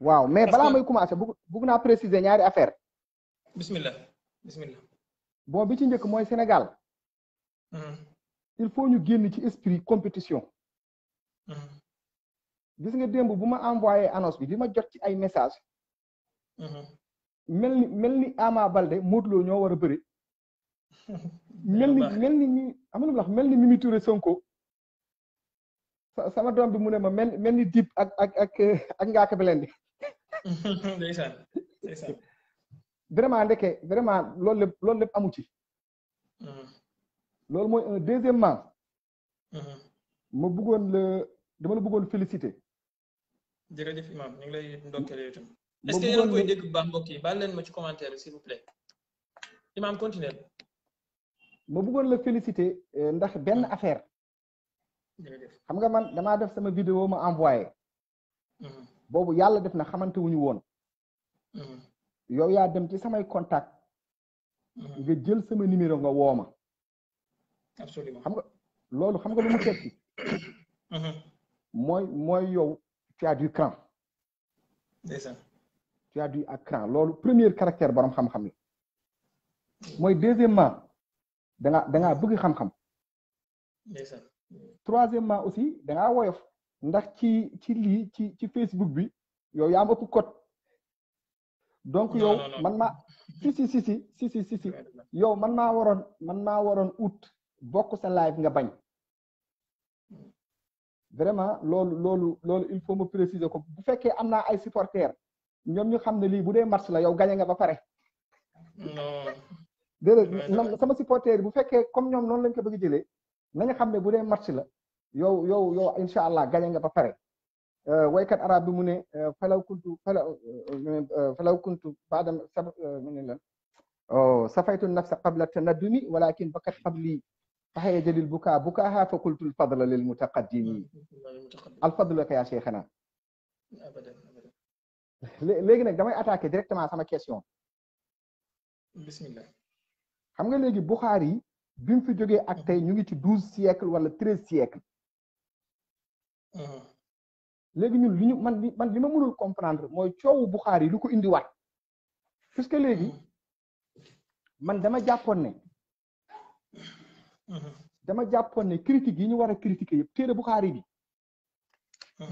waaw mais balaa may commencé bugg bugg naa préciser ñaari affaire bismillah bismillah boo bi ci njëkk mooy Sénégal hmm. il faut ñu génn ci esprit compétition hmm. gis nga démb bu ma envoyé annonce bi di ma jot ci ay message hmm. mel ni mel ni Ama Balde Modou ñoo war a bëri mel ni mel ni ñi am mel ni Mimi Touré Sonko sama doom bi mu ne ma mel mel ni Dip ak ak ak ak Ngaaka Blindé ndeysaan ndeysaan vraiment ndeke vraiment loolu lépp loolu lépp amu ci. Mhm. loolu mooy un deuxièmement. Mhm. ma bëggoon la dama la bëggoon féliciter. jërëjëf imam ñu ngi lay ndokkeel yow itam. est-ce que yéen koy dégg bu baax mbokk yi baal leen ma ci commentaire bi s'il vous plaît. imam continue. ma bëggoon la féliciter eh, ndax benn mhm. affaire. jërëjëf xam nga man damaa def sama vidéo ma envoyé. boobu yàlla def na xamante wuñu woon mm-hmm. yow yaa dem ci samay contact mm-hmm. nga jël sama numéro nga wooma absolument xam nga loolu xam nga lu mu tekki mm-hmm. mooy mooy yow tu as du cran tu as du ak loolu premier caractère borom xam-xam mooy deuxièmement danga dangaa bëgg xam-xam troisièmement aussi dangaa woyof ndax ci ci lii ci ci Facebook bi yow yaa am ëpp donc yow man maa si si si si si si si yow man maa waroon man maa waroon ut bokk sa live nga bañ vraiment loolu loolu loolu il faut ma préciser ko bu fekkee am naa ay supporters ñoom ñu xam ne lii bu dee match la yow gañee nga ba pare. déedéet sama supporter bu fekkee comme ñoom noonu lañ ko bëgg jëlee nañu xam ne bu dee match la. يو يو يو ان شاء الله غاديغا با فري واي كات عرب بي موني فلو كنت فلو كنت بعد من لا او صفيت النفس قبل التندم ولكن بكت قبلي فهي جل البكاء بكاها فقلت الفضل للمتقدمين الفضل لك يا شيخنا ابدا ابدا ليغ نك داماي اتاكي ديريكتومون سما كيسيون بسم الله خمغا ليغي بخاري بيم في جوغي اك تاي نيغي تي 12 سيكل ولا 13 سيكل Mmh. léegi ñun li ñu man li ma mënul comprendre mooy coowu Buxaar yi lu ko indiwaat puisque léegi mmh. man dama jàppoon ne mmh. dama jàppoon ne critique yi ñu war a critiquer yëpp téere Buxaari bi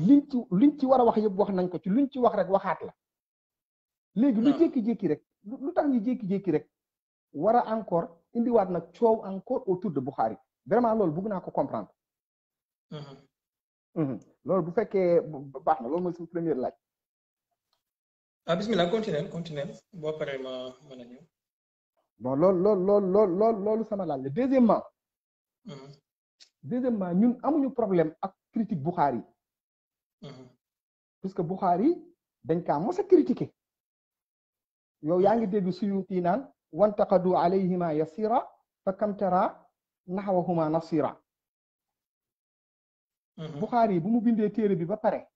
liñ ci liñ ci war a wax yëpp wax nañ ko ci luñ ci wax rek waxaat la léegi lu jékki-jékki rek lu tax ñu jékki-jékki rek wara a encore indiwaat nag coow encore autour de Buxaari vraiment loolu bëgg naa ko comprendre Mhm. loolu bu fekkee baax na loolu mooy suñu première laaj. ah bismillah continuez continuez boo paree ma mën a ñëw. bon loolu loolu loolu loolu loolu loolu sama laaj deuxièmement. Mhm. deuxièmement ñun amuñu problème ak critique Bukhari. Mhm. puisque Bukhari dañ kaa mos a critiquer. yow yaa ngi dégg Suyuti naan wantaqadu alayhima yasira fa kam tara naxwahuma nasira Mm-hmm. Buxaari bu mu bindee téere bi ba pare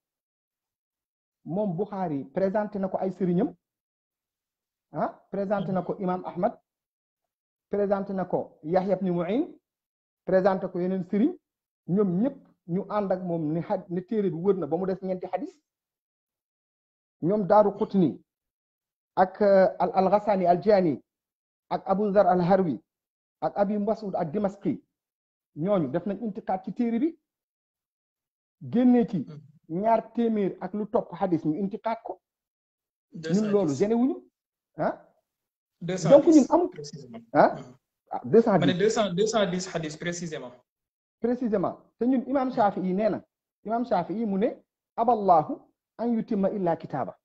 moom Buxaari présenté na ko ay sëriñam ah présenté na mm-hmm. ko Imam Ahmad présenté na ko Yahya ibn Mu'in présenté ko yeneen sëriñ ñoom ñëpp ñu ànd ak moom ni xad téere bi wër na ba mu des ñeenti xadis ñoom Daaru Qutni ak uh, al alxasani aljani ak Abu Zar al harwi ak abi Mas'ud ak Dimaski ñooñu def nañ intiqaat ci téere bi génne ci mm-hmm. ñaar téeméer ak lu topp xadis ñu intixaat ko ñun loolu wu wuñu ah donc ñun amul ah ah deux cent ah? Mm-hmm. Ah, dix deux cent deux cent dix xadis précisément précisément te ñun imam Shaafi yi nee na imam Shaafi mu ne aballahu an yutimma illa kitaaba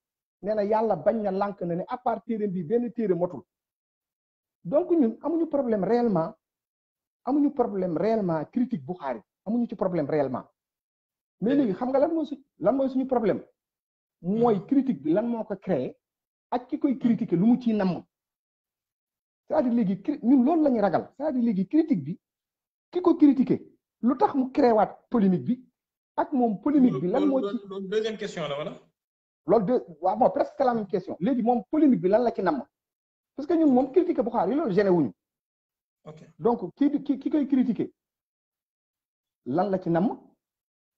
nee na yàlla bañ na lank na ne à part téere bi benn téere motul donc ñun amuñu problème réellement ñu problème réellement critique Buxaari amuñu ci problème réellement mais légui xam nga lan mooy su lan mooy suñu problème moy critique bi lan moko créer ak ki koy critiquer lu mu ci namm c'est-à-dire légui ñun loolu la ñuy ragal c'est-à-dire légui critique bi ki ko critiquer lu tax mu créer waat polémique bi ak mom polémique bi lan mo ci deuxième question la wala loolu de waaw bon presque la même question légui mom polémique bi lan la ci nam parce que ñun mom critiquer bu xaar yi loolu gêné wuñu donc kii ki ki koy critiquer lan la ci nam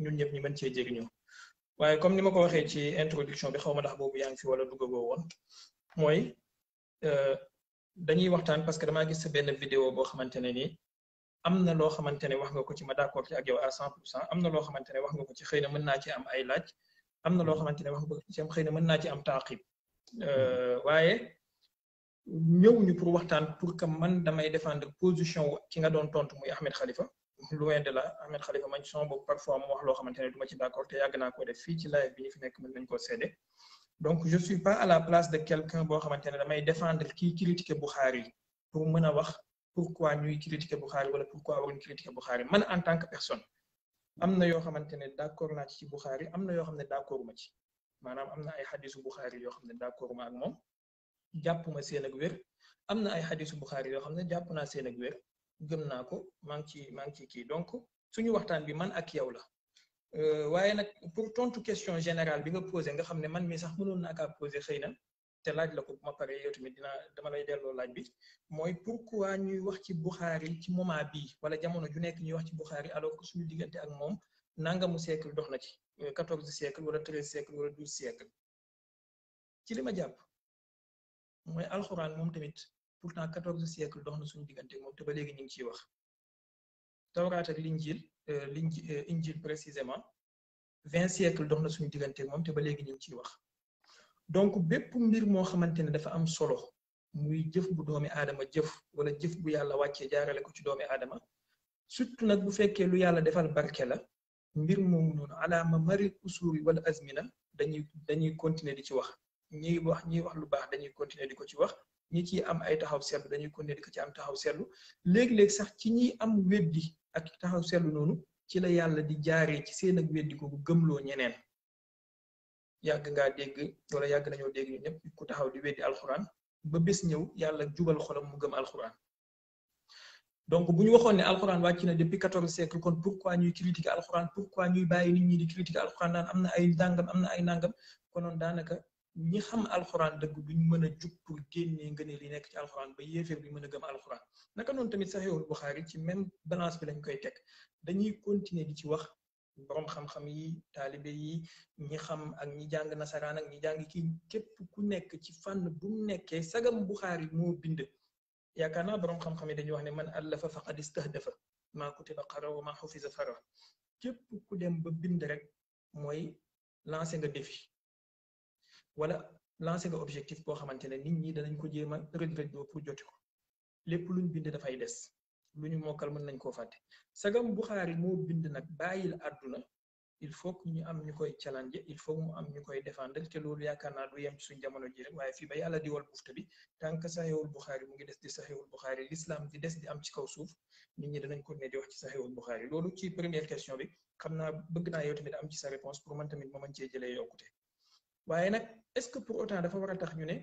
ñun ñëpp ñu mën cee jëriñu waaye comme ni ma ko waxee ci introduction bi xaw ma ndax boobu yaa ngi fi wala duggagoo woon mooy euh, dañuy waxtaan parce que damaa gis sa benn vidéo boo xamante ne nii am na loo xamante ne wax nga ko ci ma d'accord ci ak à 100 pour am na loo xamante ne wax nga ko ci xëy na mën naa ci am ay laaj am na loo xamante ne wax nga ko ci am xëy na mën naa ci am taaqib euh, mm-hmm. waaye ñëw ñu pour waxtaan pour que man damay défendre position ki nga doon tontu muy Ahmed Khalifa. loin de là Ahmed Khalifa man son parfois mu wax lo xamante ne ma ci d'accord te yàgg naa ko def fi ci live bi ñu fi nek mën nañ koo donc je suis pas à la place de quelqu'un bo xamante damay défendre qui critiquer Bukhari pour mën wax pourquoi ñuy critiquer Bukhari wala pourquoi waruñ critiquer Bukhari man en tant que personne amna yo yoo d'accord naa ci Bukhari amna yo yoo d'accord ma ci manam amna ay xadisu Bukhari yo xam d'accord ma ak mom jappuma seen ak wér amna ay xadisu Bukhari yo xam jappuna seen ak wér gëm naa ko maa ngi ci maa ngi ci kii donc suñu waxtaan bi man ak yow la euh, waaye nag pour tontu question général bi nga posé nga xam ne man mi sax mënoon naa kaa posé xëy na te laaj la ko bu ma paree yow tamit dinaa dama lay delloo laaj bi mooy pour pourquoi ñuy wax ci Buxaari ci moment bii wala jamono ju nekk ñuy wax ci Buxaari alors que suñu diggante ak moom nangamu siècle dox na ci euh, quatorze siècle wala treize siècle wala douze siècle ci li jàpp mooy alxuraan pourtant quatorze siècle dox na suñu diggante moom te ba léegi ñu ngi ciy wax tawraat ak linjil l'injil précisément vingt siècle dox na suñu diggante moom te ba léegi ñu ngi ciy wax donc bépp mbir moo xamante ne dafa am solo muy jëf bu doomi aadama jëf wala jëf bu yàlla wàccee jaarale ko ci doomi aadama surtout nag bu fekkee lu yàlla defal barke la mbir moomu noonu alaama mari usuri wala azmina dañuy dañuy continuer di ci wax ñiy wax ñi wax lu baax dañuy continuer di ko ci wax ñi ciy am ay taxaw seetlu dañuy continuer di ci am taxaw seetlu léeg-léeg sax ci ñiy am weddi ak taxaw seetlu noonu ci la yàlla di jaaree ci seen ak weddi googu gëmloo ñeneen yàgg ngaa dégg wala yàgg nañoo dégg ñëpp ku taxaw di weddi alxuraan ba bés ñëw yàlla jubal xolam mu gëm alxuraan donc bu ñu waxoon ne alxuraan wàcc na depuis quatorze siècle kon pourquoi ñuy critiquer alxuraan pourquoi ñuy bàyyi nit ñi di critiquer alxuraan naan am na ay ndàngam am na ay nàngam konoon daanaka ñi xam alxuraan dëgg duñ mën a jug pour génnee ngëneel li nekk ci alxuraan ba yéeféer bi mën a gëm alxuraan naka noonu tamit saxiixul Buxaari ci même balance bi lañ koy teg dañuy continuer di ci wax boroom xam-xam yi taalibe yi ñi xam ak ñi jàng nasaraan ak ñi jàng ki képp ku nekk ci fànn bu mu nekkee sagam Buxaari moo bind yaakaar naa boroom xam-xam yi dañuy wax ne man allafa faqad istahdafa maa kutiba qara wa maa xufisa fara képp ku dem ba bind rek mooy lancé nga défi wala lancé nga objectif boo xamante ne nit ñi danañ ko jéem a rëj-rëjloo pour joti ko lépp luñ bind dafay des lu ñu mokkal mën nañ koo fàtte sagam Buxaari moo bind nag bàyyil àdduna il faut que ñu am ñu koy challenge il faut mu am ñu koy défendre ko loolu yaakaar naa du yem ci suñ jamono ji rek waaye fii ba yàlla di wal bufta bi tant que saxewul Buxaari mu ngi des di saxewul Buxaari l'islam di des di kaw suuf ñi danañ ko ne di wax ci saxewul Buxaari loolu ci première question bi xam naa bëgg naa yow tamit am ci sa réponse pour man tamit cee jëlee yokkute waaye nag est-ce que pour autant dafa war a tax ñu ne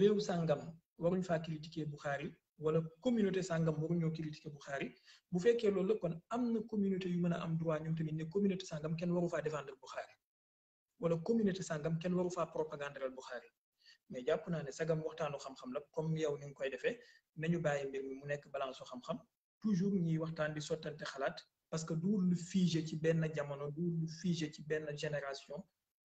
réew sàngam waruñ faa critiquer Bukhari wala communauté sàngam waruñoo critiquer Bukhari bu fekkee loolu la kon am na communauté yu mën a am droit ñoom tamit ne communauté sàngam kenn waru faa défendre Bukhari wala communauté sàngam kenn waru faa propagandal Bukhari mais jàpp naa ne sagam waxtaanu xam-xam la comme yow ni nga koy defee nañu bàyyi mbir mi mu nekk balance xam-xam toujours ñuy waxtaan di sottante xalaat parce que du lu figé ci benn jamono du lu figé ci benn génération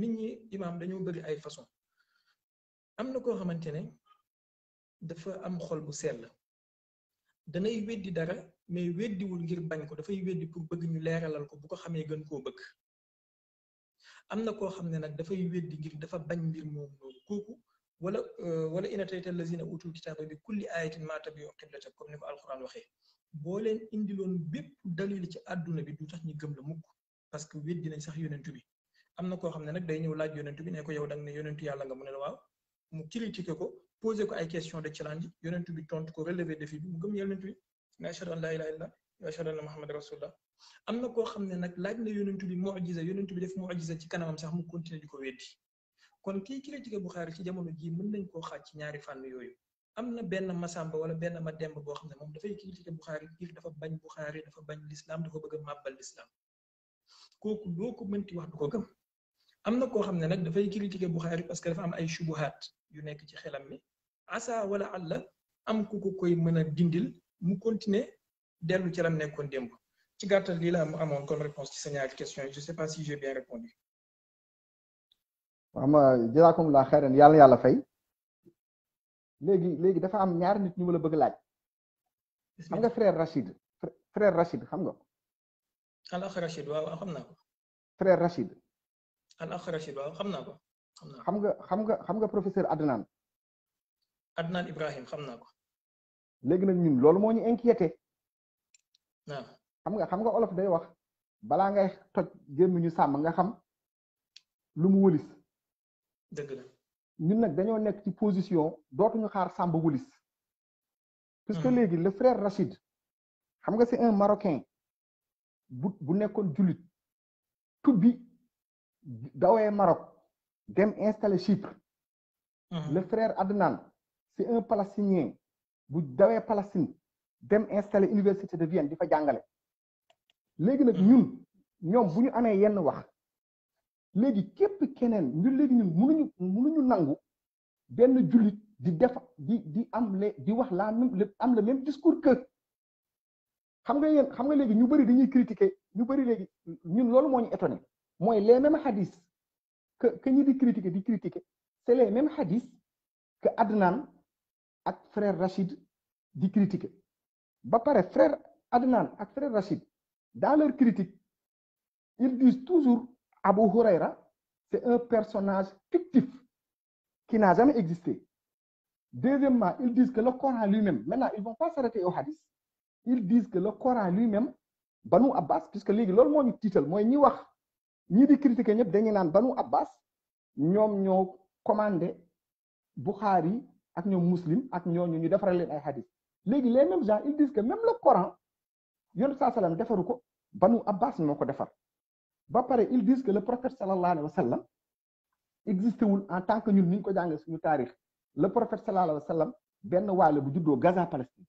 nit ñi imaam dañoo bëri ay façon am na koo xamante ne dafa am xol bu la danay weddi dara mais weddiwul ngir bañ ko dafay weddi pour bëgg ñu leeralal ko buko ko xamee gën koo bëgg am na koo xam ne nag dafay weddi ngir dafa bañ mbir moom loolu kooku wala euh, wala inatayta lazina utul kitaaba bi kulli ayatin ma tabiu qiblata comme ni ko alquran waxee boo indiloon bépp dalil ci àdduna bi du tax ñi gëm la mukk parce que weddi nañ sax yonentu bi am na koo xam ne nag day ñëw laaj yonentu bi ne ko yow danga ne yonentu yàlla nga mu nen waaw mu critiqué ko posé ko ay question de challenge yonentu bi tontu ko relevé défi bi mu gëm yonentu bi ne ashhadu an laa ilaaha illallah wa am na koo xam ne nag laaj na yonentu bi mu'jiza yonentu bi def mu'jiza ci kanamam sax mu continuer di ko weddi kon kii critiqué Buxaari ci jamono jii mën nañ koo xaaj ci ñaari fànn yooyu am na benn ma masamba wala benn mademb boo xam ne moom dafay a màbbal l'islam kooku loo ko mënti wax ko gëm amna ko xamne nak da fay critiquer bukhari parce que dafa am ay shubuhat yu nek ci xelam mi asa wala àlla am ku ko koy meuna dindil mu continuer delu ci lam nekkon démb ci gàttal li la amone comme réponse ci sa ñaari question je sais pas si j'ai bien répondu waama jazaakum la xayran yàlla yàlla fay legui léegi dafa am ñaar nit ñu wala bëgg laaj xam nga frère Rachid frère Rachid xam nga ko alax Rachid waaw xam na ko frère Rachid al axrachid waaw xam naa ko xam naa xam nga xam nga xam nga professeur Adnan Adnan Ibrahim xam naa ko léegi nag ñun loolu moo ñu inquiété xam nga xam nga olof day wax balaa ngay gémmiñu sàmm nga xam lu mu wëlis dëgg la ñun nag dañoo nekk ci position dootuñu xaar sàmb wëlis puisque hmm. léegi le frère Rachid xam nga c'est un Marocain bu bu nekkoon jullit tubbi dawe Maroc dem installé Chypre mhm. le frère Adnan c'est un palestinien bu dawee Palestine dem installé université de Vienne di fa jàngale léegi nag mhm. ñun ñoom bu ñu amee yenn wax léegi képp keneen ñu léegi ñun mënuñu mënuñu nangu benn jullit di def di di am le di wax la même am le même discours que xam nga yéen xam nga léegi ñu bëri dañuy critiquer ñu bëri léegi ñun loolu moo ñu étonné Moi, les mêmes hadiths que que ñi critiquer c'est les mêmes hadiths que Adnan et frère Rachid di critiquer ba frère Adnan et frère Rachid dans leur critique ils disent toujours Abu Huraira c'est un personnage fictif qui n'a jamais existé deuxièmement ils disent que le Coran lui-même maintenant ils vont pas s'arrêter au hadith ils disent que le Coran lui-même Banu Abbas puisque les loolu le titre, moi, ñi wax ñii di critiquer ñëpp dañuy naan banu abbas ñoom ñoo commandé Bukhari ak ñoom muslim ak ñoo ñu defara leen ay hadith léegi les mêmes gens ils disent que même le Coran yonent saa defaru ko banu abbas moo ko defar ba pare ils disent que le prophète sallallahu alayhi wa sallam existé wul en tant que ñun ni ko jàngee suñu taarix la prophète sallallahu alayhi wa benn waale bu juddoo Gaza Palestine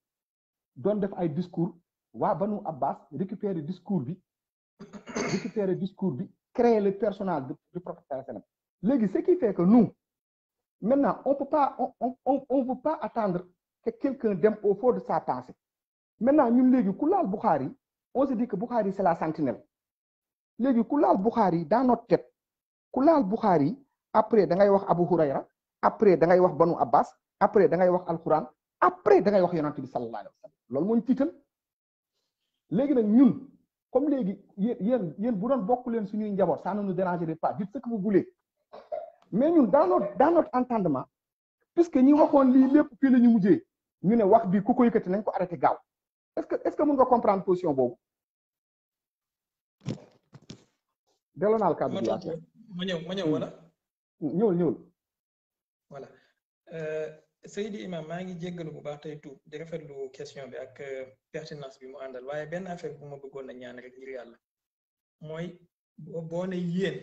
doon def ay discours waa banu abbas récupérer discours bi récupérer bi créer le personnage du, prophète ce qui fait que nous, maintenant, on ne peut pas, pas attendre que quelqu'un au fond de sa pensée. Maintenant, nous, légui, Koulal Bukhari, on se dit que Bukhari, c'est la sentinelle. Légui, Bukhari, dans notre tête, Koulal Bukhari, après, Abu Huraira, après, Banu Abbas, après, Al-Quran, après, dans sallallahu alayhi wa sallam. titre. nous comme léegi yéen yéen vous bu ça ne nous dérangerait pas dites ce que vous voulez mais nous, dans notre notre entendement puisque nous avons lii pour que la nous ne wax bi ku ko tu nañ arrêté est-ce que est-ce que position la voilà. Seydi Imam maa ngi jéggalu bu baax tey tuub di rafetlu question bi ak euh, pertinence bi mu àndal waaye benn affaire bu ma bëggoon a ñaan rek ngir yàlla mooy boo ne yéen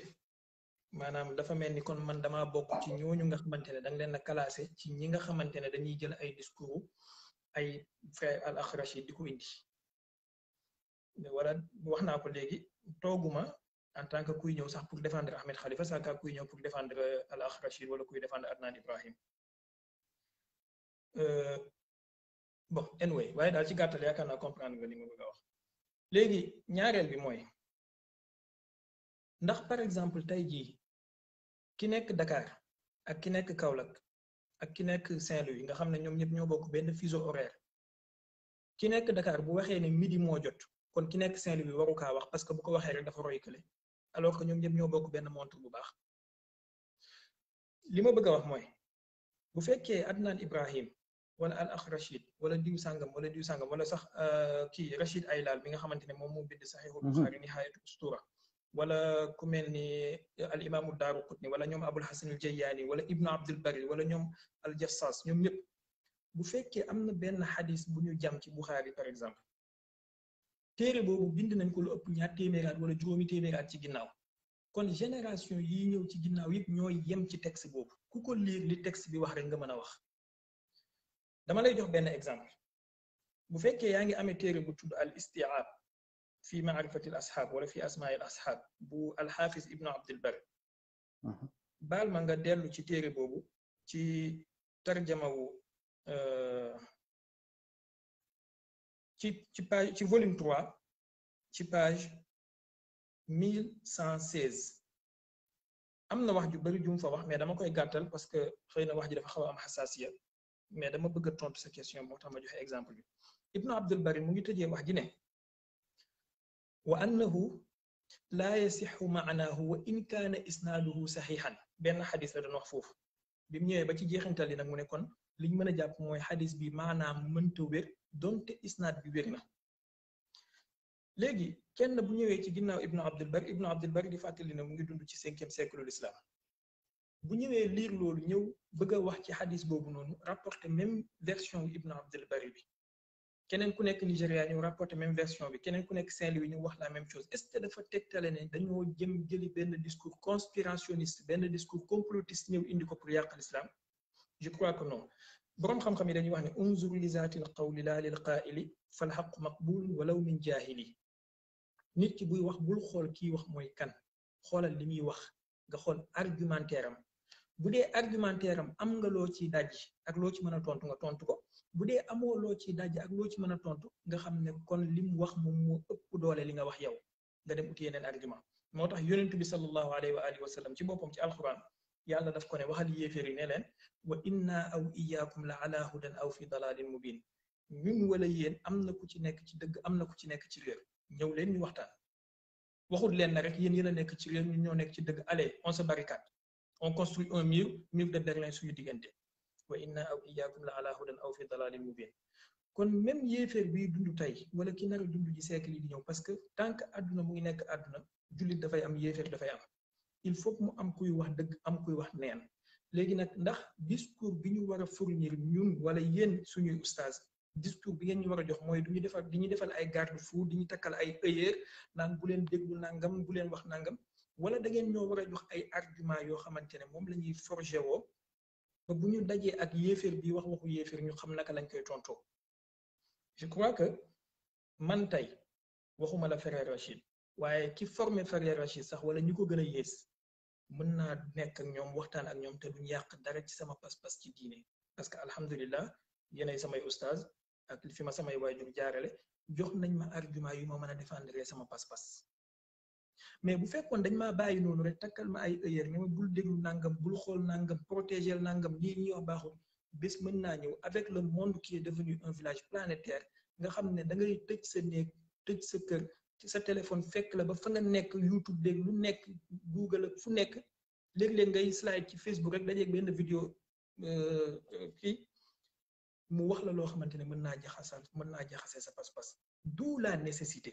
maanaam dafa mel ni kon man dama bokk ci ñooñu nga xamante ne danga leen a classé ci ñi nga xamante ne dañuy jël ay discours ay frère al axrachi di ko indi wala wax naa ko léegi tooguma en tant que kuy ñëw sax pour défendre Ahmed Khalifa sax ka kuy ñëw pour défendre euh, al axrachi wala kuy défendre Adnan Ibrahim Euh, bon anyway waaye daal ci gàttal yaakaar naa comprendre nga li ma bëgg wax léegi ñaareel bi mooy ndax par exemple tey jii ki nekk Dakar ak ki nekk Kaolack ak ki nekk Saint-Louis nga xam ne ñoom ñëpp ñoo bokk benn fuseau horaire ki nekk dakaar bu waxee ne midi moo jot kon ki nekk Saint-Louis waru kaa wax parce que bu ko waxee rek dafa roy kële alors que ñoom ñëpp ñoo bokk benn montre bu baax li ma bëgg a wax mooy bu fekkee Adnan Ibrahim ولا الاخ رشيد ولا ديو سانغام ولا ديو سانغام ولا صح كي رشيد ايلال ميغا خامتيني موم مو بيد صحيح البخاري نهايه الاسطوره ولا كوميلني الامام الدار قطني ولا نيوم ابو الحسن الجياني ولا ابن عبد البر ولا نيوم الجصاص نيوم نيب بو فكي امنا بن حديث بو نيو جام كي بخاري بار اكزامبل تيري بوبو بيند نانكو لو اوب نيار تيميرات ولا جومي تيميرات سي غيناو كون جينيراسيون يي نيو سي غيناو ييب نيو يم سي تيكست بوبو كوكو لير لي تيكست بي واخ رك نغا مانا واخ dama lay jox ben exemple bu fekke yaa ngi amee téere bu tuddu al istiab fi maarifati al ashab wala fi asma' al ashab bu al hafiz ibn abd al bar bal ma nga delu ci téré bobu ci tarjama wu euh ci ci page ci volume 3 ci page 1116 amna wax ju bari jum fa wax mais dama koy gàttal parce que xeyna wax ji dafa xawa am xasaasiya mais dama bëgg tromp sa question mo tax ma joxe exemple bi ibnu abdul bari mu ngi tejje wax ji ne wa annahu la yasihu ma'nahu wa in kana isnaduhu sahihan ben hadith la doon wax fofu bim ñewé ba ci jeexintal nak mu ne kon liñ mëna jàpp moy hadith bi maana mënta wér donte isnad bi wér na légui kenn bu ñewé ci ginnaw ibnu abdul bari ibnu abdul bari di fatali na mu ngi dund ci 5e siècle l'islam bu ñëwé lire loolu ñëw bëgg wax ci hadith bobu nonu rapporter même version yu Ibn Abdel Bari bi kenen ku nekk Nigéria ñu rapporter même version bi kenen ku nekk Saint-Louis ñu wax la même chose est-ce que dafa tektale ne dañoo jëm jëli benn discours conspirationniste benn discours complotiste ñëw indi ko pour yàq l'islam je crois que non borom xam-xam yi dañuy wax ne unzur li zaatil qawli la lil qaili fal xaqu maqbul walaw min jahili nit ki buy wax bul xool kii wax mooy kan xoolal li muy wax nga xool argumentaire am bu dee argumentaire am am nga loo ciy daj ak loo ci mën a tontu nga tontu ko bu dee amoo loo ciy daj ak loo ci mën a tontu nga xam ne kon li mu wax moom moo ëpp doole li nga wax yow nga dem uti yeneen argument moo tax yonent bi sallallahu alayhi wa alihi wa sallam ci boppam ci alquran yàlla daf ko ne waxal yéeféer yi ne leen wa inna aw iyaakum la ala hudan aw fi dalalin mubin ñun wala yéen am na ku ci nekk ci dëgg am na ku ci nekk ci réer ñëw leen ñu waxtaan waxut leen na rek yéen yéen a nekk ci réer ñu ñoo nekk ci dëgg allez on se barricade on construit un mur mur de Berlin suñu diggante wa inna aw iyaakum la ala hudan aw fi dalalin mubin kon même yéeféer bii dund tey wala ki nara dund ci siècle yi di ñëw parce que tant que àdduna mu ngi nekk àdduna jullit dafay am yéeféer dafay am il faut mu am kuy wax dëgg am kuy wax neen léegi nag ndax discours bi ñu war a fournir ñun wala yéen suñuy oustaz discours bi ngeen ñu war a jox mooy du ñu defal di ñu defal ay garde fou di ñu takkal ay œilleur naan bu leen déglu nangam bu leen wax nangam wala da ngeen ñoo war a jox ay argument yoo xamante ne moom la ñuy forger woo ba bu ñu dajee ak yéeféer bi wax waxu yéeféer ñu xam naka lañ koy tontoo je crois que man tey waxuma la Ferrer Rachid waaye ki formé Ferrer Rachid sax wala ñi ko gën a yées mën naa nekk ak ñoom waxtaan ak ñoom te duñ yàq dara ci sama pas-pas ci diine parce que alhamdulilah yéenay samay oustaz ak li fi ma samay waajur jaarale jox nañ ma argument yu ma mën a défendre sama pas-pas mais bu fekkoon dañ ma bàyyi noonu rek takkal ma ay œillères ne ma bul déglu nangam bul xool nangam protéger nangam lii ñuy wax baaxul bés mën naa ñëw avec le monde qui est devenu un village planétaire nga xam ne da ngay tëj sa néeg tëj sa kër ci sa téléphone fekk la ba fa nga nekk YouTube dégg lu nekk Google fu nekk léeg-léeg ngay slide ci Facebook rek dajeeg benn vidéo euh, euh, kii mu wax la loo xamante ne mën naa jaxasal mën naa jaxase sa pas-pas d'où la nécessité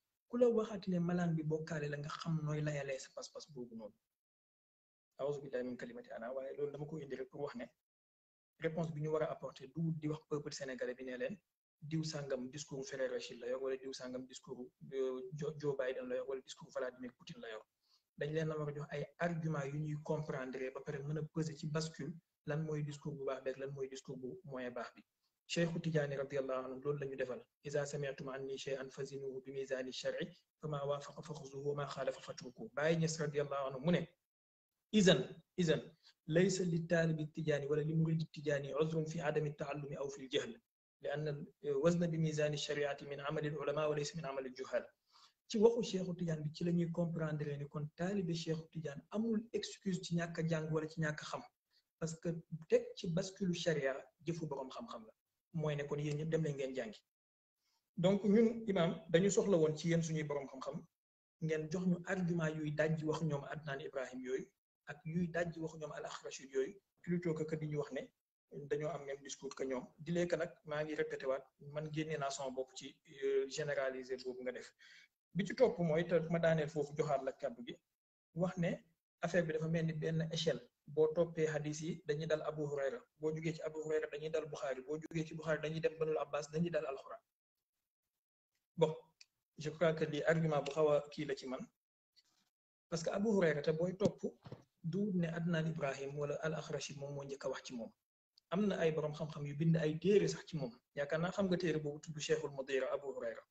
ku la waxaat ne malaan bi bokkaale la nga xam nooy layalee sa pas-pas boobu noonu awuzu billahi min kalimati ana waaye loolu dama ko indi rek pour wax ne réponse bi ñu war a apporter du di wax peuple sénégalais bi ne leen diw sangam discours Ferrero Rocher la yor wala diw sàngam discours euh, Joe Biden la yor wala discours Vladimir Poutine la yor dañ leen a war a jox ay argument yu ñuy comprendre ba pare mën a ci bascule lan mooy discours bu baax beeg lan mooy discours bu moyen baax bi شيخ تجاني radiallahu الله عنه la ñu defal اذا سمعتم عني cheyan fazinuhu بميزان الشرع فما وافق waafaqa وما خالف ma باي fatruku رضي الله radiallahu anhu اذن اذن ليس izan التجاني ولا taalibi التجاني عذر في عدم التعلم او في الجهل لأن الوزن بميزان الشريعة من عمل العلماء وليس من عمل الجهال ci waxu cheikhou tidiane bi ci lañuy comprendre ni kon talib cheikhou tidiane amul excuse ci ñaka jàng wala ci ñaka xam parce que tek ci bascule sharia jëfu borom xam-xam la mooy ne kon yéen ñëpp dem leen ngeen jàngi donc ñun imaam dañu soxla woon ci yéen suñuy borom xam-xam ngeen jox ñu argument yuy dajj wax ñoom Adnan Ibrahim yooyu ak yuy dajji wax ñoom al axrachid yooyu plutôt que que di ñu wax ne dañoo am même discours que ñoom di lekk nag maa ngi répété waat man génnee naa sama bopp ci euh, généraliser boobu nga def bi ci topp mooy te ma daaneel foofu joxaat la kàddu gi wax ne affaire bi dafa mel ni benn échelle boo toppee hadis yi dañuy dal Abu Hurayra boo jugee ci Abu Hurayra dañuy dal Bukhari boo jugee ci Bukhari dañuy dem Banul Abbas dañuy dal alxuraan bon je crois que lii argument bu xaw a kii la ci man parce que Abu Hurayra te booy topp du ne Adnan Ibrahim wala al Axrashi moom moo njëkk a wax ci moom am na ay boroom xam-xam yu bind ay téere sax ci moom yaakaar naa xam nga téere boobu tudd Cheikhul Mudira Abu Hurayra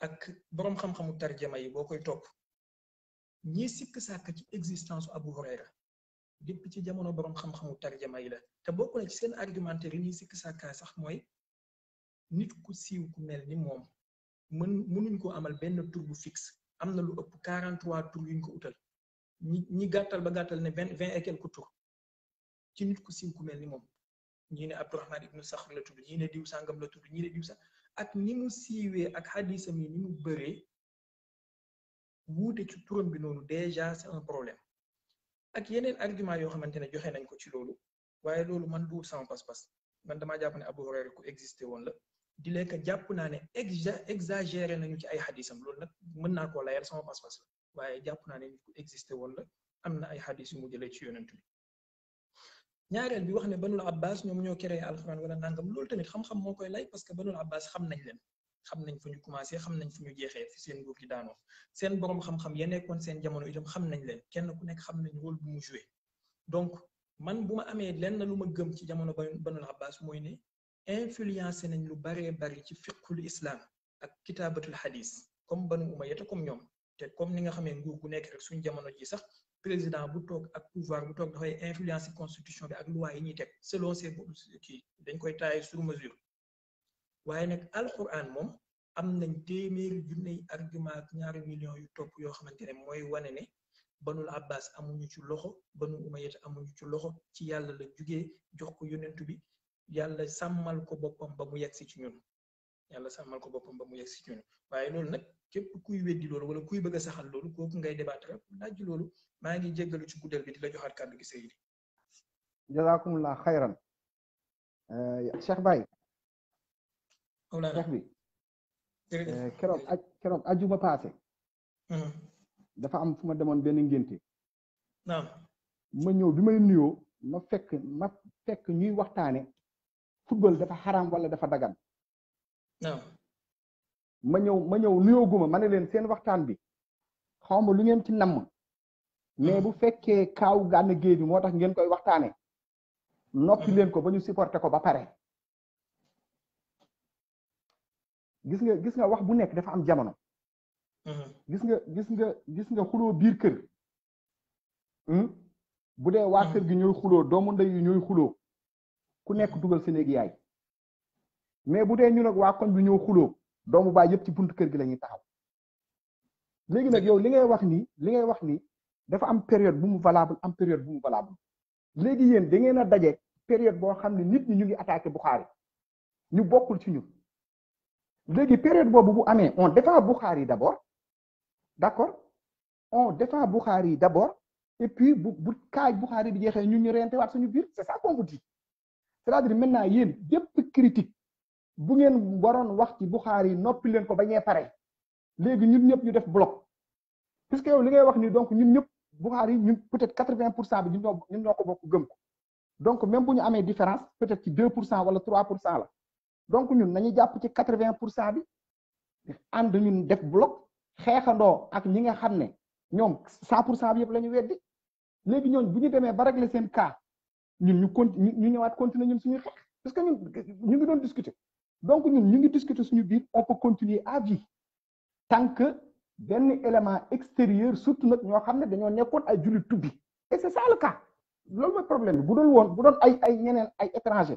ak boroom xam-xamu tarjama yi boo koy topp ñi sikk sàkk ci existence Abu Hurayra depuis ci jamono borom xam-xamu tarjuma yi la te bokku na ci seen argumentaire yi ñuy sikk sàkkaa sax moy nit ku siiw ku mel ni moom mënuñ ko amal benn tour bu fixe amna lu upp 43 tur yuñ ko utal ñi gattal ba gattal ne 20 et quelques tour ci nit ku siiw ku mel ni moom ñi ne abdourahman ibn saxr la tuddu ñi ne diw sangam la tuddu ñi ne diw sa ak ni mu siiwee ak xadisam yi ni mu bëree wuté ci turam bi nonu déjà c'est un problème ak yeneen argument yoo xamante ne joxe nañ ko ci loolu waaye loolu man duur sama pas-pas man damaa jàpp ne Abu Hurayra ku existé woon la di lekk jàpp naa ne exagéré nañu ci ay xadisam loolu nag mën naa koo layal sama pas-pas la waaye jàpp naa ne nit ku la am na ay xadis yu mu ci yonent bi ñaareel bi wax ne banul abbas ñoom ñoo créé alxuraan wala nangam loolu tamit xam-xam moo koy lay parce que banul abbas xam nañ leen xam nañ fu ñu commencé xam nañ fu ñu jeexee fi seen nguur gi daanoo seen borom xam-xam ya nekkoon seen jamono itam xam nañ leen kenn ku nekk xam nañ rôle bu mu joué donc man bu ma amee lenn lu ma gëm ci jamono banul abbas mooy ne influencé nañ lu baree bari ci fiqul islam ak kitaabatul hadis comme banu umayata comme ñoom te comme ni nga xamee nguur gu nekk rek suñu jamono ji sax président bu toog ak pouvoir bu toog dafay influencer constitution bi ak loi yi ñuy teg selon ses kii dañ koy taay sur mesure waaye nag alquran moom am nañ téeméeri junney argument ak ñaari millions yu topp yoo xamante ne mooy wane ne banul abbas amuñu ci loxo banu umayat amuñu ci loxo ci yàlla la jugee jox ko yonentu bi yàlla sàmmal ko boppam ba mu yegsi ci ñun yàlla sàmmal ko boppam ba mu yegsi ci ñun waaye loolu nag képp kuy weddi lool wala kuy bëgg a saxal loolu kooku ngay débattre laaj loolu maa ngi jéggalu ci guddal bi di la joxaat kàddu gi Seydi. jazakumullah xayran eh, Cheikh Baye. cheikh bi keroog aj keroog ajuma passé dafa am fu ma demoon benn ngénte ma ñëw bi may nuyoo ma fekk fekk ñuy waxtaane football dafa xaram wala dafa dagan ma ñëw ma ñëw nuyoo guma ma ne leen seen waxtaan bi xaw ma lu ngeen ci namm mais bu fekkee kaaw gànn géej bi moo tax ngeen koy waxtaane noppi leen ko ba ñu supporté ko ba pare gis nga gis nga wax bu nekk dafa am jamono. Mm-hmm. gis nga gis nga gis nga xuloo biir kër. Hmm? bu dee waa kër gi mm-hmm. ñooy xuloo doomu ndey yi ñooy xuloo ku nekk mm-hmm. dugal sa néeg yaay mais bu dee ñu nag waa koñ bi ñoo xuloo doomu baay yëpp ci buntu kër gi la taxaw léegi nag yow li ngay wax nii li ngay wax ni dafa am période bu mu valable am période bu mu valable léegi yéen da ngeen a daje période boo xam ne nit ñu ngi attaqué Buxaari ñu bokkul ci ñu léegi période bobu bu amé on défend Bukhari d'abord. D'accord on défend Bukhari d'abord et puis bu bu kaay Bukhari bi jeexee ñun ñu rentewaat suñu biir c'est ça qu' vous dit cest à dire maintenant yéen bépp critique bu ngeen waroon wax ci Bukhari nopi leen ko bañé paré. Légui ñun ñëpp ñu def bloc puisque yow li ngay wax ni donc ñun ñëpp Bukhari ñun peut être 80% bi ñun ñoo ñun ko bokk gëm ko donc même bu ñu amee différence peut être ci 2% wala 3% pour la. donc ñun nañu jàpp ci quatre vingt pour cent bi ànd ñun def bloc xeexandoo ak ñi nga xam ne ñoom cent pour cent bi yëpp la ñu weddi léegi ñooñ bu ñu demee ba régler seen ka ñun ñu continue ñu ñëwaat continuer ñun suñu xeex parce que ñun ñu ngi doon discuter donc ñun ñu ngi discuter suñu biir on peut continuer à vie tant benn élément extérieur surtout nag ñoo xam ne dañoo nekkoon ay jullit tubbi et c'est ça le cas loolu mooy problème bi bu doon woon bu doon ay ay ñeneen ay étranger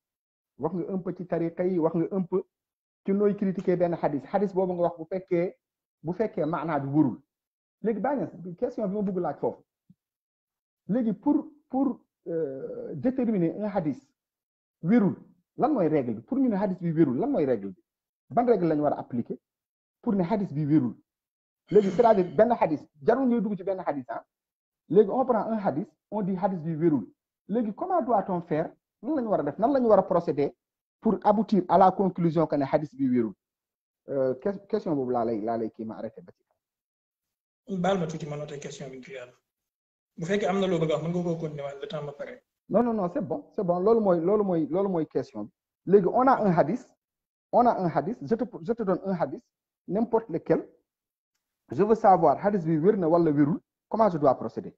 wax nga un peu ci tariqa yi wax nga un peu ci nooy critiquer benn xadis xadis boobu nga wax bu fekkee bu fekkee maanaa bi wurul léegi bàyyi na question bi ma bëgg laaj foofu léegi pour pour euh, déterminer un xadis wérul lan mooy règle bi pour ñu ne xadis bi wérul lan mooy règle bi ban règle lañu war a appliquer pour ne xadis bi wérul léegi c'est-à-dire benn xadis jarul ngay dugg ci benn xadis ah léegi on prend un xadis on dit xadis bi wérul léegi comment doit-on faire nan la wara def nan lañu wara procéder pour aboutir à la conclusion que ne hadith bi wérul euh, question bobu la lay laa lay ki ma arrêté ba ci baal ma tuuti manote question bi ci yàlla bu fekkee am na bëgg wax mën nga koo continuer waat le temps ma non non non c'est bon c'est bon lolu moy lolu moy lolu moy question légui on a un hadith on a un hadith je te je te donne un hadith n'importe lequel je veux savoir hadith bi wér wala wérul comment je dois procéder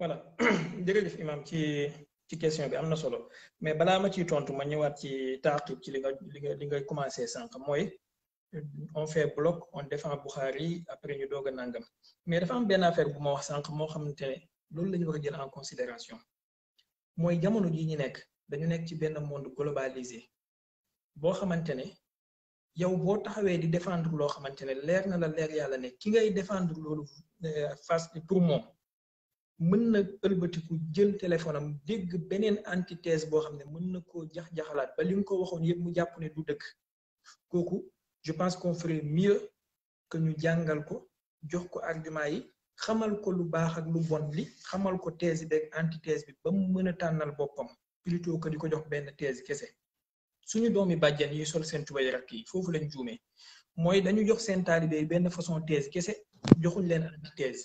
voilà jërëjëf imam ci ci question bi amna solo mais bala ma ci tontu ma ñëwaat ci taaqib ci li nga li nga commencé sank moy on fait bloc on défend Bukhari après ñu doga nangam mais dafa am ben affaire bu ma wax sank mo xamantene loolu lañu ñu jël en considération moy jamono ji ñi nekk dañu nekk ci ben monde globalisé bo xamantene yow bo taxawé di défendre lo xamantene ne na la leer yalla ne ki ngay défendre loolu euh, face pour moi? mën na ëlbatiku jël téléphone am dégg beneen antithèse boo xam ne mën na koo jax-jaxalaat ba li nga ko waxoon yëpp mu jàpp ne du dëkk kooku je pense qu'on ferait mieux que ñu jàngal ko jox ko argument yi xamal ko lu baax ak lu bon li xamal ko thèse bi ak antithèse bi ba mu mën a tànnal boppam plutôt que di ko jox benn thèse kese suñu doomi bàjjen yi sol seen tubay rakk yi foofu lañ juumee mooy dañu jox seen taalibe benn façon thèse kese joxuñ leen antithèse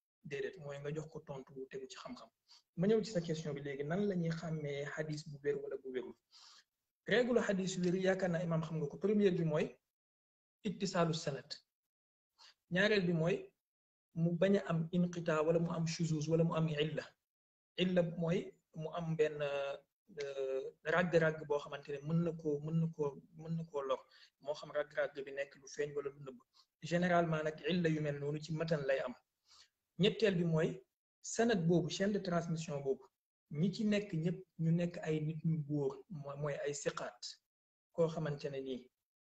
déedéet mooy nga jox ko tontu tegu ci xam-xam ma ñëw ci sa question bi léegi nan la ñuy xàmmee xadis bu wér wala bu wérul règle xadis wér yaakaar naa imaam xam nga ko première bi mooy ittisaalu sanad ñaareel bi mooy mu bañ a am inqitaa wala mu am shuzuz wala mu am illa illa mooy mu am benn euh, ràgg-ràgg boo xamante ne mën na koo mën na koo mën na koo lor moo xam ràgg-ràgg bi nekk lu feeñ wala lu nëbb généralement nag illa yu mel noonu ci matan lay am ñetteel bi mooy sanad boobu chaîne de transmission boobu ñi ci nekk ñëpp ñu nekk ay nit ñu góor mooy ay siqaat koo xamante ne nii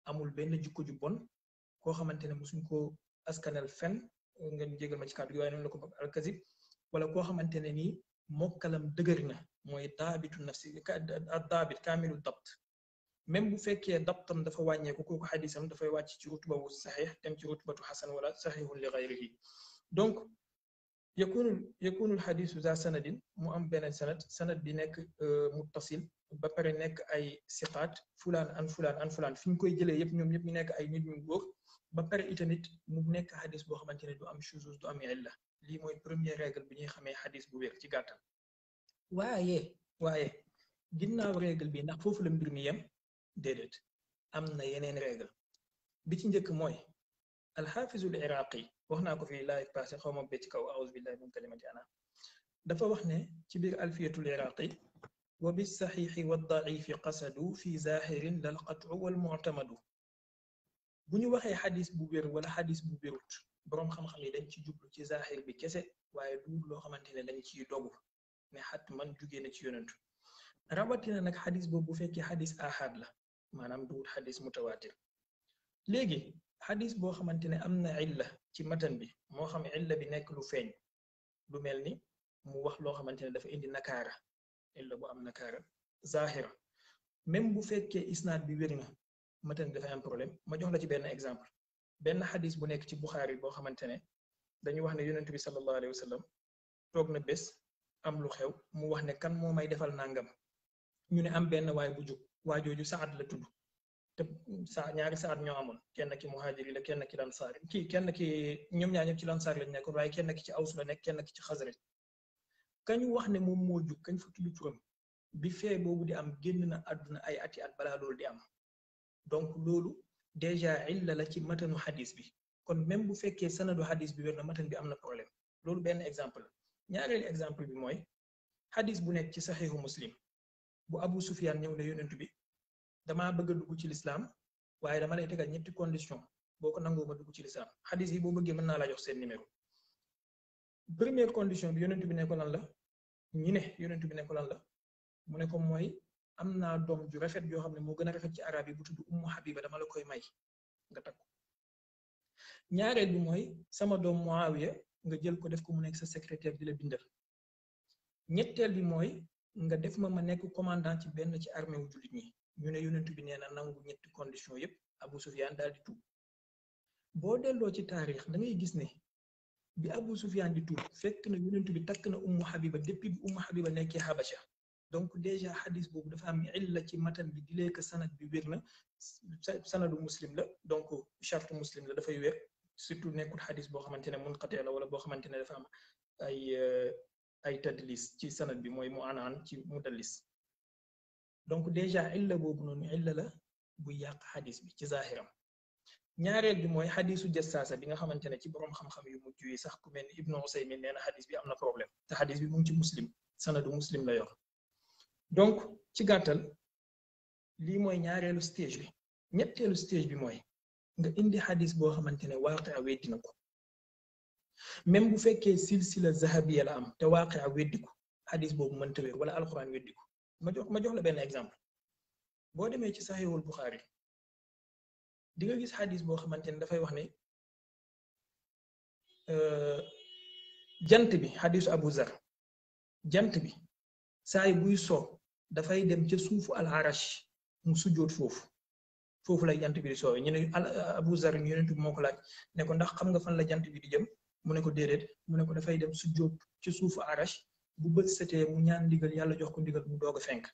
amul benn jikko ju bon koo xamante ne musuñ ko askanal fen nga jégal ma ci kàddu gi waaye noonu la ko bokk alkazib wala koo xamante ne nii mokkalam dëgër na mooy daabitu nafsi daabit kaamilu dabt même bu fekkee dabtam dafa wàññeeku kooku xadisam dafay wàcc ci rutba wu saxiix dem ci rutbatu xasan wala saxiixul li xayrihi donc يكون يكون الحديث ذا سند مو ام بن سند سند بي نيك متصل ba pare nekk ay siqaat fulaan an fulaan an fulaan fi ñu koy jëlee yëpp ñoom ñëpp ñu nekk ay nit ñu góor ba pare itamit mu nekk xadis boo xamante ne du am chuzuz du am illa lii mooy première règle bi ñuy xamee xadis bu wér ci gàttal waaye waaye ginnaaw règle bi ndax foofu la mbir mi yem déedéet am na yeneen règle bi ci njëkk mooy alxaafizul iraqi wax naa ko fi laaj passé xaw ma be ci kaw aouzu billahi min kalimati ana dafa wax ne ci biir alfiyatul iraqi wa bi saxiixi wa daifi qasadu fi zahirin lal qat'u wal mu'tamadu bu ñu waxee xadis bu wér wala xadis bu wérut borom xam-xam yi dañ ci jublu ci zahir bi kese waaye duul loo xamante ne dañ ciy dogu ne xat man jugee na ci yonentu rawatina nag xadis boobu bu fekkee xadis ahad la maanaam duul xadis mutawatir léegi xadis boo xamante ne am na illa ci matan bi moo xam illa bi nekk lu feeñ lu mel ni mu wax loo xamante ne dafa indi nakaara illa bu am nakaara zahira même bu fekkee isnaad bi wér na matan bi dafay am problème ma jox la ci benn exemple benn xadis bu nekk ci buxaari boo xamante ne dañu wax ne yonent bi sallallahu alayhi wa sallam toog na bés am lu xew mu wax ne kan moo may defal nangam ñu ne am benn waay bu jug waa jooju saat la tudd te saa ñaari saar ñoo amoon kenn ki muhaajiri la kenn ki lansaar ki kenn ki ñoom ñaar ñëpp ci lansaar lañ nekkoon waaye kenn ki ci aws la nekk kenn ki ci xasraj kañ wax ne moom moo jug kañ fa tudd turam bi fee boobu di am génn na àdduna ay ati at balaa loolu di am donc loolu déjà illa la ci matanu xadis bi kon même bu fekkee sanadu xadis bi wér na matan bi am na problème loolu benn exemple la exemple bi mooy xadis bu nekk ci saxiixu muslim bu abu sufyaan ñëw na yonent bi damaa bëgg a dugg ci lislaam waaye dama lay tegal ñetti condition boo ko nangoo ma dugg ci lislaam xadis yi boo bëggee mën naa laa jox seen numéro première condition bi yonent bi ne ko lan la ñu ne yonent bi ne ko lan la mu ne ko mooy am naa doom ju rafet yoo xam ne moo gën a rafet ci arab yi bu tudd ummu habiba dama la koy may nga takku ñaareel bi mooy sama doom muawiya nga jël ko def ko mu nekk sa secrétaire di la bindal ñetteel bi mooy nga def ma ma nekk commandant ci benn ci armée wu ñu ne yonent bi neena nangu ñett condition yépp abou Sufyaan dal di tuub bo delo ci taarix da ngay gis ne bi abou Sufyaan di tuub fekk na yonent bi tak na Ummu Habiba depuis bi Ummu Habiba nekké Habasha donc déjà hadith bobu dafa am illa ci matan bi dilé que sanad bi wérna sanad muslim la donc charte muslim la dafay wér surtout nekul hadith bo xamantene munqati la wala bo xamantene dafa am ay ay tadlis ci sanad bi moy mu anan ci mudallis donc déjà illa boobu noonu illa la bu yàq xadis bi ci zaahiram ñaareel bi mooy xadisu jassaasa bi nga xamante ne ci borom xam-xam yu mujj yi sax ku mel ni ibnu Usaymin nee na xadis bi am na problème te xadis bi mu ngi ci muslim sanadu muslim la yor donc ci gàttal lii mooy ñaareelu stage bi ñetteelu stage bi mooy nga indi xadis boo xamante ne waaqia weddi na ko même bu fekkee silsila zahabiya la am te waaqia weddi ko xadis boobu mënta wér wala alquran weddi ko ma jox ma jox la benn exemple boo demee ci saxiixul Buxaari di nga gis xadis boo xamante ne dafay wax ne euh, jant bi xadisu Abu Zar jant bi saay buy so dafay dem ci suufu alxarash mu sujjoot foofu foofu lay jant bi di soowee ñu ne Abu Zar yonent bi moo ko laaj ne ndax xam nga fan la jant bi di jëm mu ne ko déedéet mu ne ko dafay dem sujjoot ci suufu arash bu bët setee mu ñaan ndigal yàlla jox ko ndigal mu doog a fenk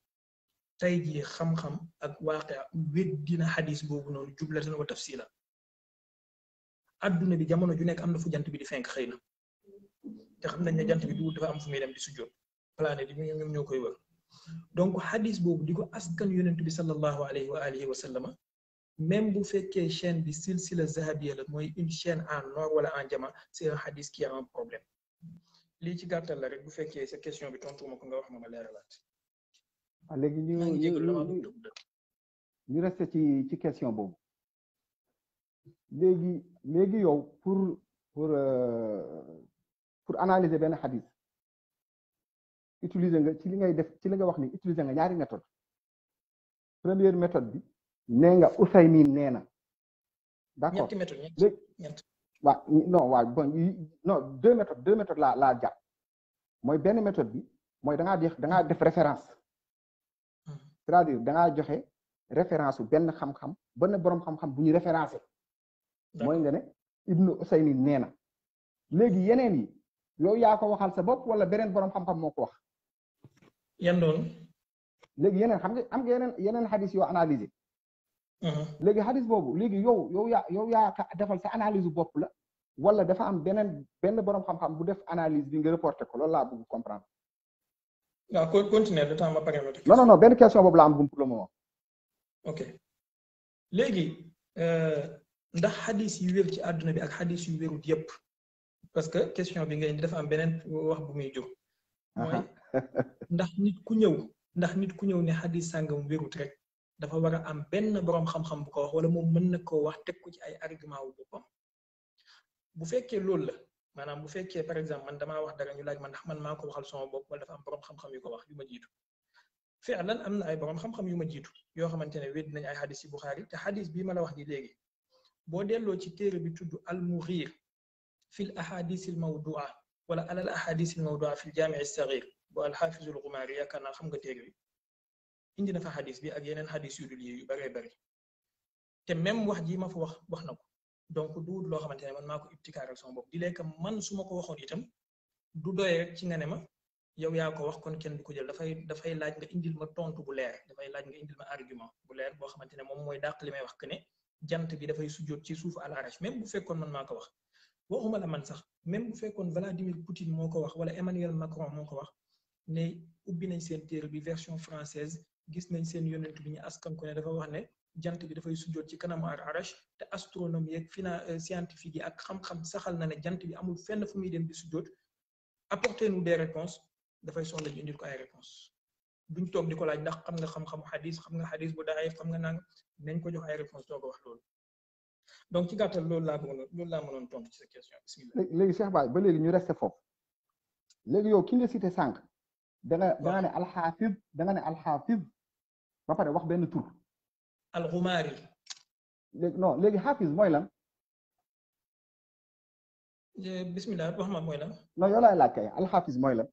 tey jii xam-xam ak waaqe weddina xadis boobu noonu jublatan wa tafsila adduna bi jamono ju nekk am na fu jant bi di fenk xëy na te xam nañ ne jant bi du dafa am fu muy dem di sujjoot planète yi ñoom ñoo koy wër donc xadis boobu di ko askan yonent bi sallallahu alayhi wa alihi wa sallama même bu fekkee chaine bi silsila zahabiya la mooy une chaîne en nord wala en jama c'est un hadis qui a un li ci gattal la rek bu fekkee sa question bi tontu ma ko nga wax ma ma leeralaat. Ah, léegi ñu ñu reste resté ci ci question boobu. léegi léegi yow pour pour euh, pour analyser benn xadis utiliser nga ci li ngay def ci li nga wax ni utiliser nga ñaari méthode première méthode bi nee nga Usaymin nee na. d' accord ñetti méthode ñetti waa non waa bon non deux méthodes deux méthodes la laa jàpp mooy benn métode bi mooy da ngaa def def référence mm-hmm. cest à da ngaa joxe référence su benn xam-xam benn borom xam-xam bu ñu référencé. mooy nga ne Ibnu Usaymin nee na léegi yeneen yi yow yaa ko waxal sa bopp wala beneen borom xam-xam moo ko wax. yan doon. léegi yeneen xam nga am nga yeneen yeneen xadis yoo analysé. Mm-hmm. léegi xadis boobu léegi yow yow yaa yow yaa defal sa analyse bopp la wala dafa am beneen benn borom xam-xam bu def analyse bi nga reporté ko loolu laa bëgg comprendre. waaw kon continuer le temps ma pare non non non benn question boobu laa am pour le moment. ok léegi euh, ndax xadis yu wér ci àdduna bi ak xadis yu wérut yépp parce que question bi nga indi dafa am beneen wax bu muy jur. ndax nit ku ñëw ndax nit ku ñëw ne xadis sàngam wérut rek. dafa wara am benn borom xam-xam bu ko wax wala moom mën na koo wax teg ko ci ay argument wu boppam bu fekkee loolu la maanaam bu fekkee par exemple man damaa wax dara ñu laaj man ndax man maa ko waxal sama bopp wala dafa am borom xam-xam yu ko wax yu ma jiitu fi'lan am na ay borom xam-xam yu ma jiitu yoo xamante ne wédd nañ ay hadis yi Buxaari te hadis bii ma la wax ni léegi boo delloo ci téere bi tudd al fi l ahadis al mawdua wala alal ahadis al mawdua fil jaami' as-saghir bu al-Hafiz al yaakaar naa xam nga téere bi indi na fa hadith bi ak yenen hadith yu dul yu bare bare te même wax ji ma fa wax wax nako donc du lo xamantene man mako ko ak sama bop di lek man suma ko waxoon itam du doye rek ci ngane ma yow ya ko wax kon kenn du ko jël da fay laaj nga indil ma tontu bu leer fay laaj nga indil ma argument bu leer bo xamantene mom moy mooy limay wax que ne jant bi fay sujjot ci souf al arash même bu fekkoon man mako wax waxuma la man sax même bu fekkoon Vladimir Poutine moko wax wala Emmanuel Macron moko wax ne ubbi nañ sen téere bi version française gis nañ seen yonent bi ñu askan ko ne dafa wax ne jant bi dafay sujjoot ci kanamu arash te astronome yeek fina scientifique yi ak xam-xam saxal na ne jant bi amul fenn fu muy dem di sujjoot apporter nous des réponses dafay soxla ñu indil ko ay réponses duñ toog di ko laaj ndax xam nga xam-xamu hadith xam nga hadith bu daayif xam nga nang nañ ko jox ay réponses doog a wax loolu donc ci gàttal loolu laa bëggoon loolu laa mënoon tontu ci sa question bismillah léegi Cheikh Baye ba léegi ñu resté foofu léegi yow ki nga cité sànq da nga da nga ne alxaafid da nga ne alxaafid bapare wax benn tur. alxumaari. léegi non léegi xaafis mooy lan. bismillah wax ma mooy lan. non yow laay laaj kay alxaafis mooy lan.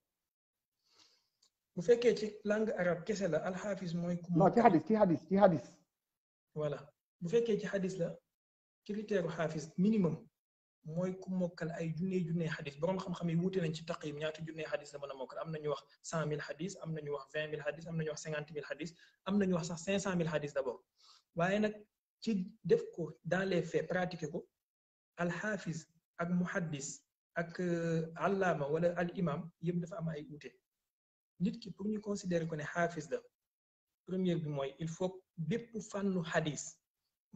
bu fekkee ci langue arabe kese la alxaafis mooy. ku non ci ci xadis ci xadis. voilà bu fekkee ci xadis la critère xaafis minimum. moy ku mokal ay junney junney hadith borom xam-xam yi wuute nañ ci taqim ñaata junney hadith la mën mokal amna ñu wax 100000 hadith amna ñu wax 20000 hadith amna ñu wax 50000 hadith amna ñu wax sax 500000 hadith d'abord wayé nak ci def ko dans les faits pratiquer ko al hafiz ak muhaddis ak allama wala al imam yëm dafa am ay wuute nit ki pour ñu considérer ko ne hafiz la premier bi moy il faut bép fànnu hadith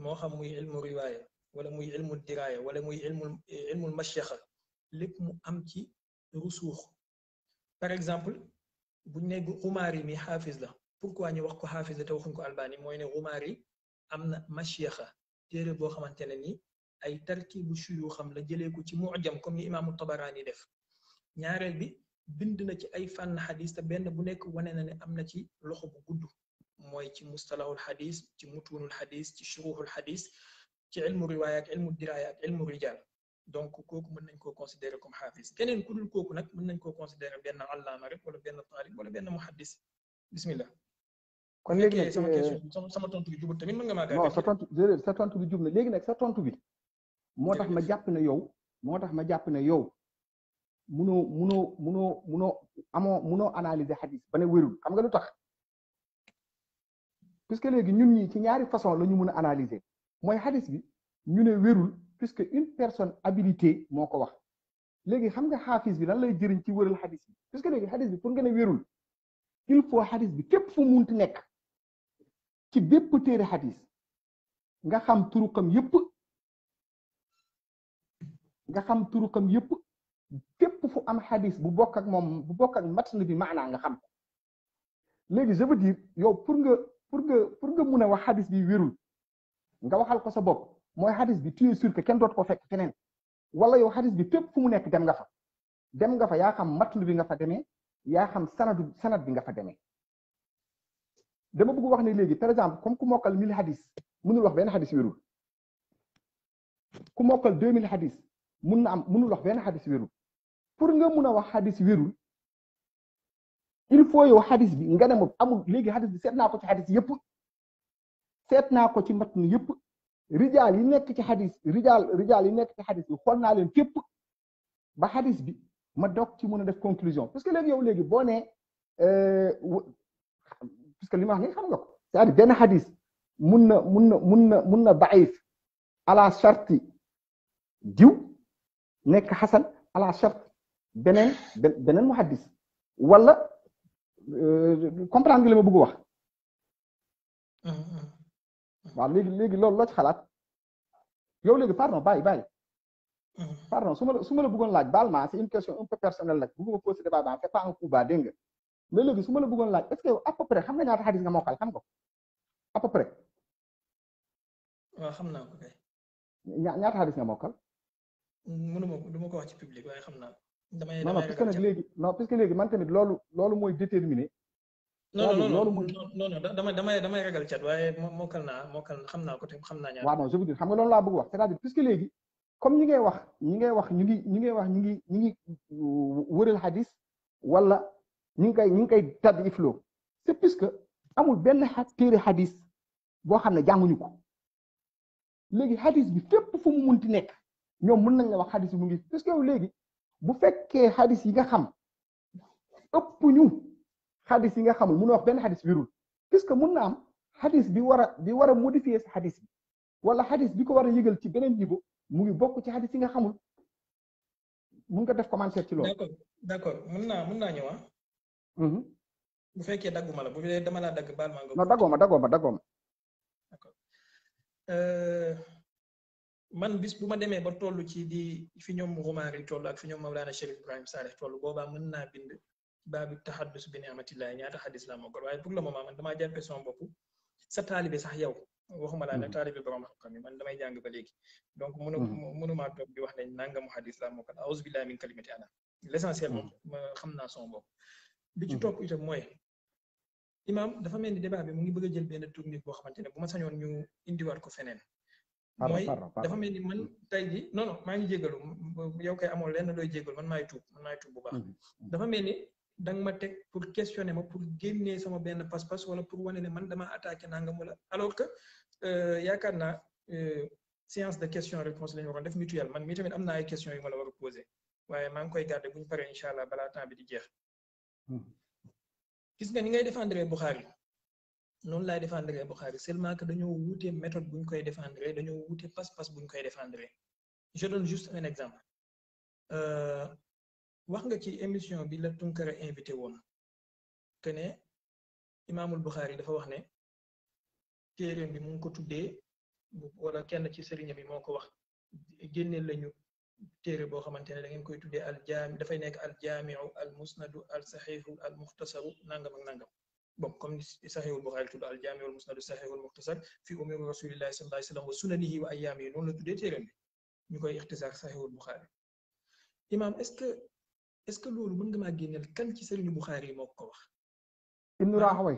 mo xam muy ilmu riwaaya wala muy ilmu diraaya wala muy ilmu ilmul mashaxa lépp mu am ci rusuux par exemple buñ ne xumaari mi xaafis la pourquoi ñu wax ko xaafis la te waxuñ ko albani mooy ne xumaari am na mashaxa téere boo xamante ne ni ay tartibu suyu xam la jëlee ko ci mujam comme ni imaamu tabaraani def ñaareel bi bind na ci ay fànn xadis te benn bu nekk wane na ne am na ci loxo bu gudd mooy ci mustalahul xadis ci mutuunul xadis ci shuruxul xadis ci ilmu riwaya ak ilmu diraya ak ilmu rijal donc koku meun nañ ko considérer comme hafiz kenen kudul koku nak meun mën nañ koo considérer ben allama rek wala ben talib wala ben muhaddis bismillah kon legui nag sama question sama tontu bi djubul tamit meun nga ma maa non sa tontu déedéet sa tontu bi jub legui nak sa tontu bi motax ma jàpp ne yow motax ma jàpp ne yow muno muno muno muno amo muno analyser hadith bané wérul xam nga lutax puisque légui ñun ñi ci ñaari façon lañu mëna analyser mooy xadis bi ñu ne wérul puisque une personne habilitée moo ko wax léegi xam nga xaafis bi lan lay jëriñ ci wëral xadis bi puisque léegi xadis bi pour nga ne wérul il faut xadis bi képp fu munti nekk ci bépp téere nga xam turuqam yépp nga xam turuqam yépp képp fu am xadis bu bokk ak moom bu bokk ak matn bi maanaa nga xam léegi je dire yow pour nga pour nga pour nga mun a wax xadis bi wérul nga waxal ko sa bopp mooy xadis bi tu es sûr que kenn dootu ko fekk feneen wala yow xadis bi fépp fu mu nekk dem nga fa dem fa yaa xam matlu bi nga fa demee yaa xam sanadu sanad bi nga fa demee dama bëgg wax ne léegi par exemple comme ku mokkal mille xadis mënul wax benn xadis wérul ku mokkal deux mille xadis mun na am mënul wax benn xadis wérul pour nga mun a wax xadis wérul il faut yow xadis bi nga ne amul léegi xadis bi seet naa ko ci xadis yëpp seet naa ko ci matn yëpp rijaal yi nekk ci xadis rijaal rijaal yi nekk ci xadis bi xool naa leen fépp ba xadis bi ma dog ci mën a def conclusion parce que léegi yow léegi boo nee parce que li ma wax nii xam nga ko c'est-à-dire benn xadis mun na mun na mun na mun na daif ala sharti diw nekk xasan ala sharti beneen beneen mu xadis wala comprendre nga li ma bëgg wax waaw léegi léegi loolu loo xalaat yow léegi pardon bàyyi bàyyi. Mm-hmm. pardon su ma la su ma la bëggoon laaj baal ma c'est une question un peu personnelle la bëgguma poser débat ba c'est pas un coup bas dégg nga léegi su la bëggoon laaj est-ce que yow à peu près xam nga ñaata xadis nga mokkal xam nga ko à peu xam naa ña ñaata xadis nga mokkal. mënuma ko du ma ko wax ci public waaye xam naa. damay damay léegi non léegi man tamit loolu loolu mooy déterminer non non non non damay damay damay ragal cat waaye mokkal naa mokkal xam naa ko te xam naa ñaar. waaw non je veux dire xam nga loolu laa bëgg wax c'est-à-dire puisque léegi comme ñi ngay wax ñi ngay wax ñu ngi ñi ngay wax ñu ngi ñu ngi euh, wëral xadis wala ñu ngi koy ñu ngi koy tadd ifloo c'est puisque amul benn téere xadis boo xam ne jànguñu ko léegi xadis bi fépp fu mu munti nekk ñoom mën nañ la wax xadis bi mu ngi puisque yow léegi bu fekkee xadis yi nga xam ëpp ñu. xadis yi nga xamul mun wax benn xadis wérul puisque mun na am xadis bi war a bi wara a modifier sa xadis wala xadis bi ko war a yëgal ci beneen niveau mu ngi bokk ci xadis yi nga xamul mun nga def commentaire ci loolu. d'accord d'accord mun naa mun naa ñëw ah. Mhm. bu fekkee dagguma la bu dee dama laa dagg baal maa nga. non daggoo ma daggoo ma daggoo ma. d'accord euh, man bis bu ma demee ba toll ci di fi ñoom Roumari toll ak fi ñoom Mawlana Chérif Ibrahim Saleh toll boobaa mën naa bind. baabi taxaddus bi ni'matillahi ñaata xadis laa mokkal waaye pour le moment man damaa jàppe son bopp sa taalibe sax yow waxuma laa ne hmm. taalibe borom xam-xam man damay jàng ba léegi donc mënu mënumaa hmm. toog wax ne nangamu xadis laa mokkal auzu billahi min kalimati ana l'essentiel hmm. moom bi ci topp itam mooy imam dafa mel ni débat bi mu ngi bëgg a jël benn technique boo xamante ne bu ma sañoon ñu indiwaat ko feneen mooy dafa mel ni man tey ji non non maa ngi jégalu yow kay amoo lenn looy jégalu man maay tuub man maay tuub bu baax dafa mel dang ma tek pour questionner ma pour génnee sama de passe-passe wala pour wane ne man dama attaqué nangam alors que euh, yakarna euh séance de questions réponse la ñu def mutuel man mi tamit amna ay questions yu mala wara poser waye mang koy garder buñu paré inshallah bala temps bi di jeex. Hmm. gis nga ni ngay défendre Bukhari non lay défendre Bukhari seulement que dañoo wouté méthode buñ koy défendre dañoo wouté passe-passe buñ koy défendre je donne juste un exemple. Euh, wax nga ci émission bi la Tunkara invité won que ne imam al bukhari dafa wax ne téeréem bi mu ko tuddé wala kenn ci serigne bi moko wax génné lañu téré bo xamantene da ngeen koy tuddé al jami da fay nek al jami'u al musnad al sahih al mukhtasar nangam ak nangam bon comme sahih al bukhari tuddé al jami'u al musnad al sahih al mukhtasar fi umur rasulillahi sallallahu alayhi wasallam wa sunanihi wa ayyamihi non la tuddé téeréem bi ñukoy ikhtisar sahih al bukhari imam est-ce que est-ce que loolu mën nga maa génneel kan ci sëriñu Buxaari yi mook ko wax. Ibnu Rahaway.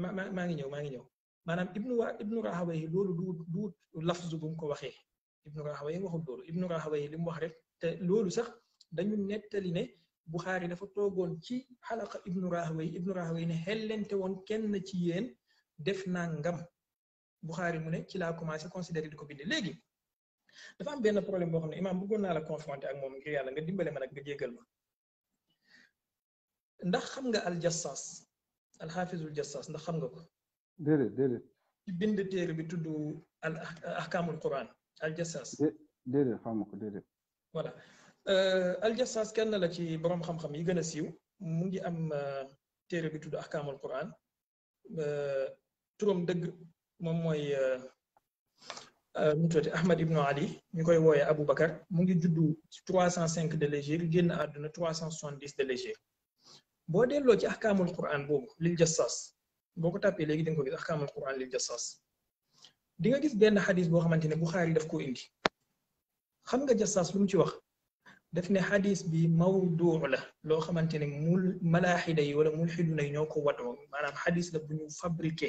ma ma maa ngi ñëw maa ngi ñëw maanaam Ibnu wa Ibnu Rahaway loolu du du lafzu bu ko waxee Ibnu Rahaway waxul loolu Ibnu Rahaway li mu wax rek te loolu sax dañu nettali ne Buxaari dafa toogoon ci xalaqa Ibnu Rahaway Ibnu Rahaway ne xellente woon kenn ci yéen def naa ngam Buxaari mu ne ci laa commencé considérer di ko bind léegi dafa am benn problème boo xam ne imaam bëggoon naa la confronter nga dimbale ma. ndax xam nga al al jassas hafiz al jassas ndax xam nga ko dede dede ci bind téere bi tuddu al ahkam al quran al jassas dede xam ko dede voilà euh al jassas kenn la ci borom xam-xam yi gëna a siiw mu ngi am téere bi tuddu ahkam al quran euh turum deug mom moy euh euh Ahmad ibn Ali ñu koy woyé abou bakkar mu ngi juddu ci 305 de légère génn aduna 370 de légère boo delloo ci ahkaamul quran boobu lil jassaas boo ko tàppee léegi di nga ko gis ahkaamul quran lil jassaas di nga gis benn xadis boo xamante ne Buxaari daf koo indi xam nga jassaas lu mu ci wax daf ne xadis bi mawduu la loo xamante ne mul malaaxida yi wala mulxiduna yi ñoo ko watoo maanaam xadis la bu ñu fabriqué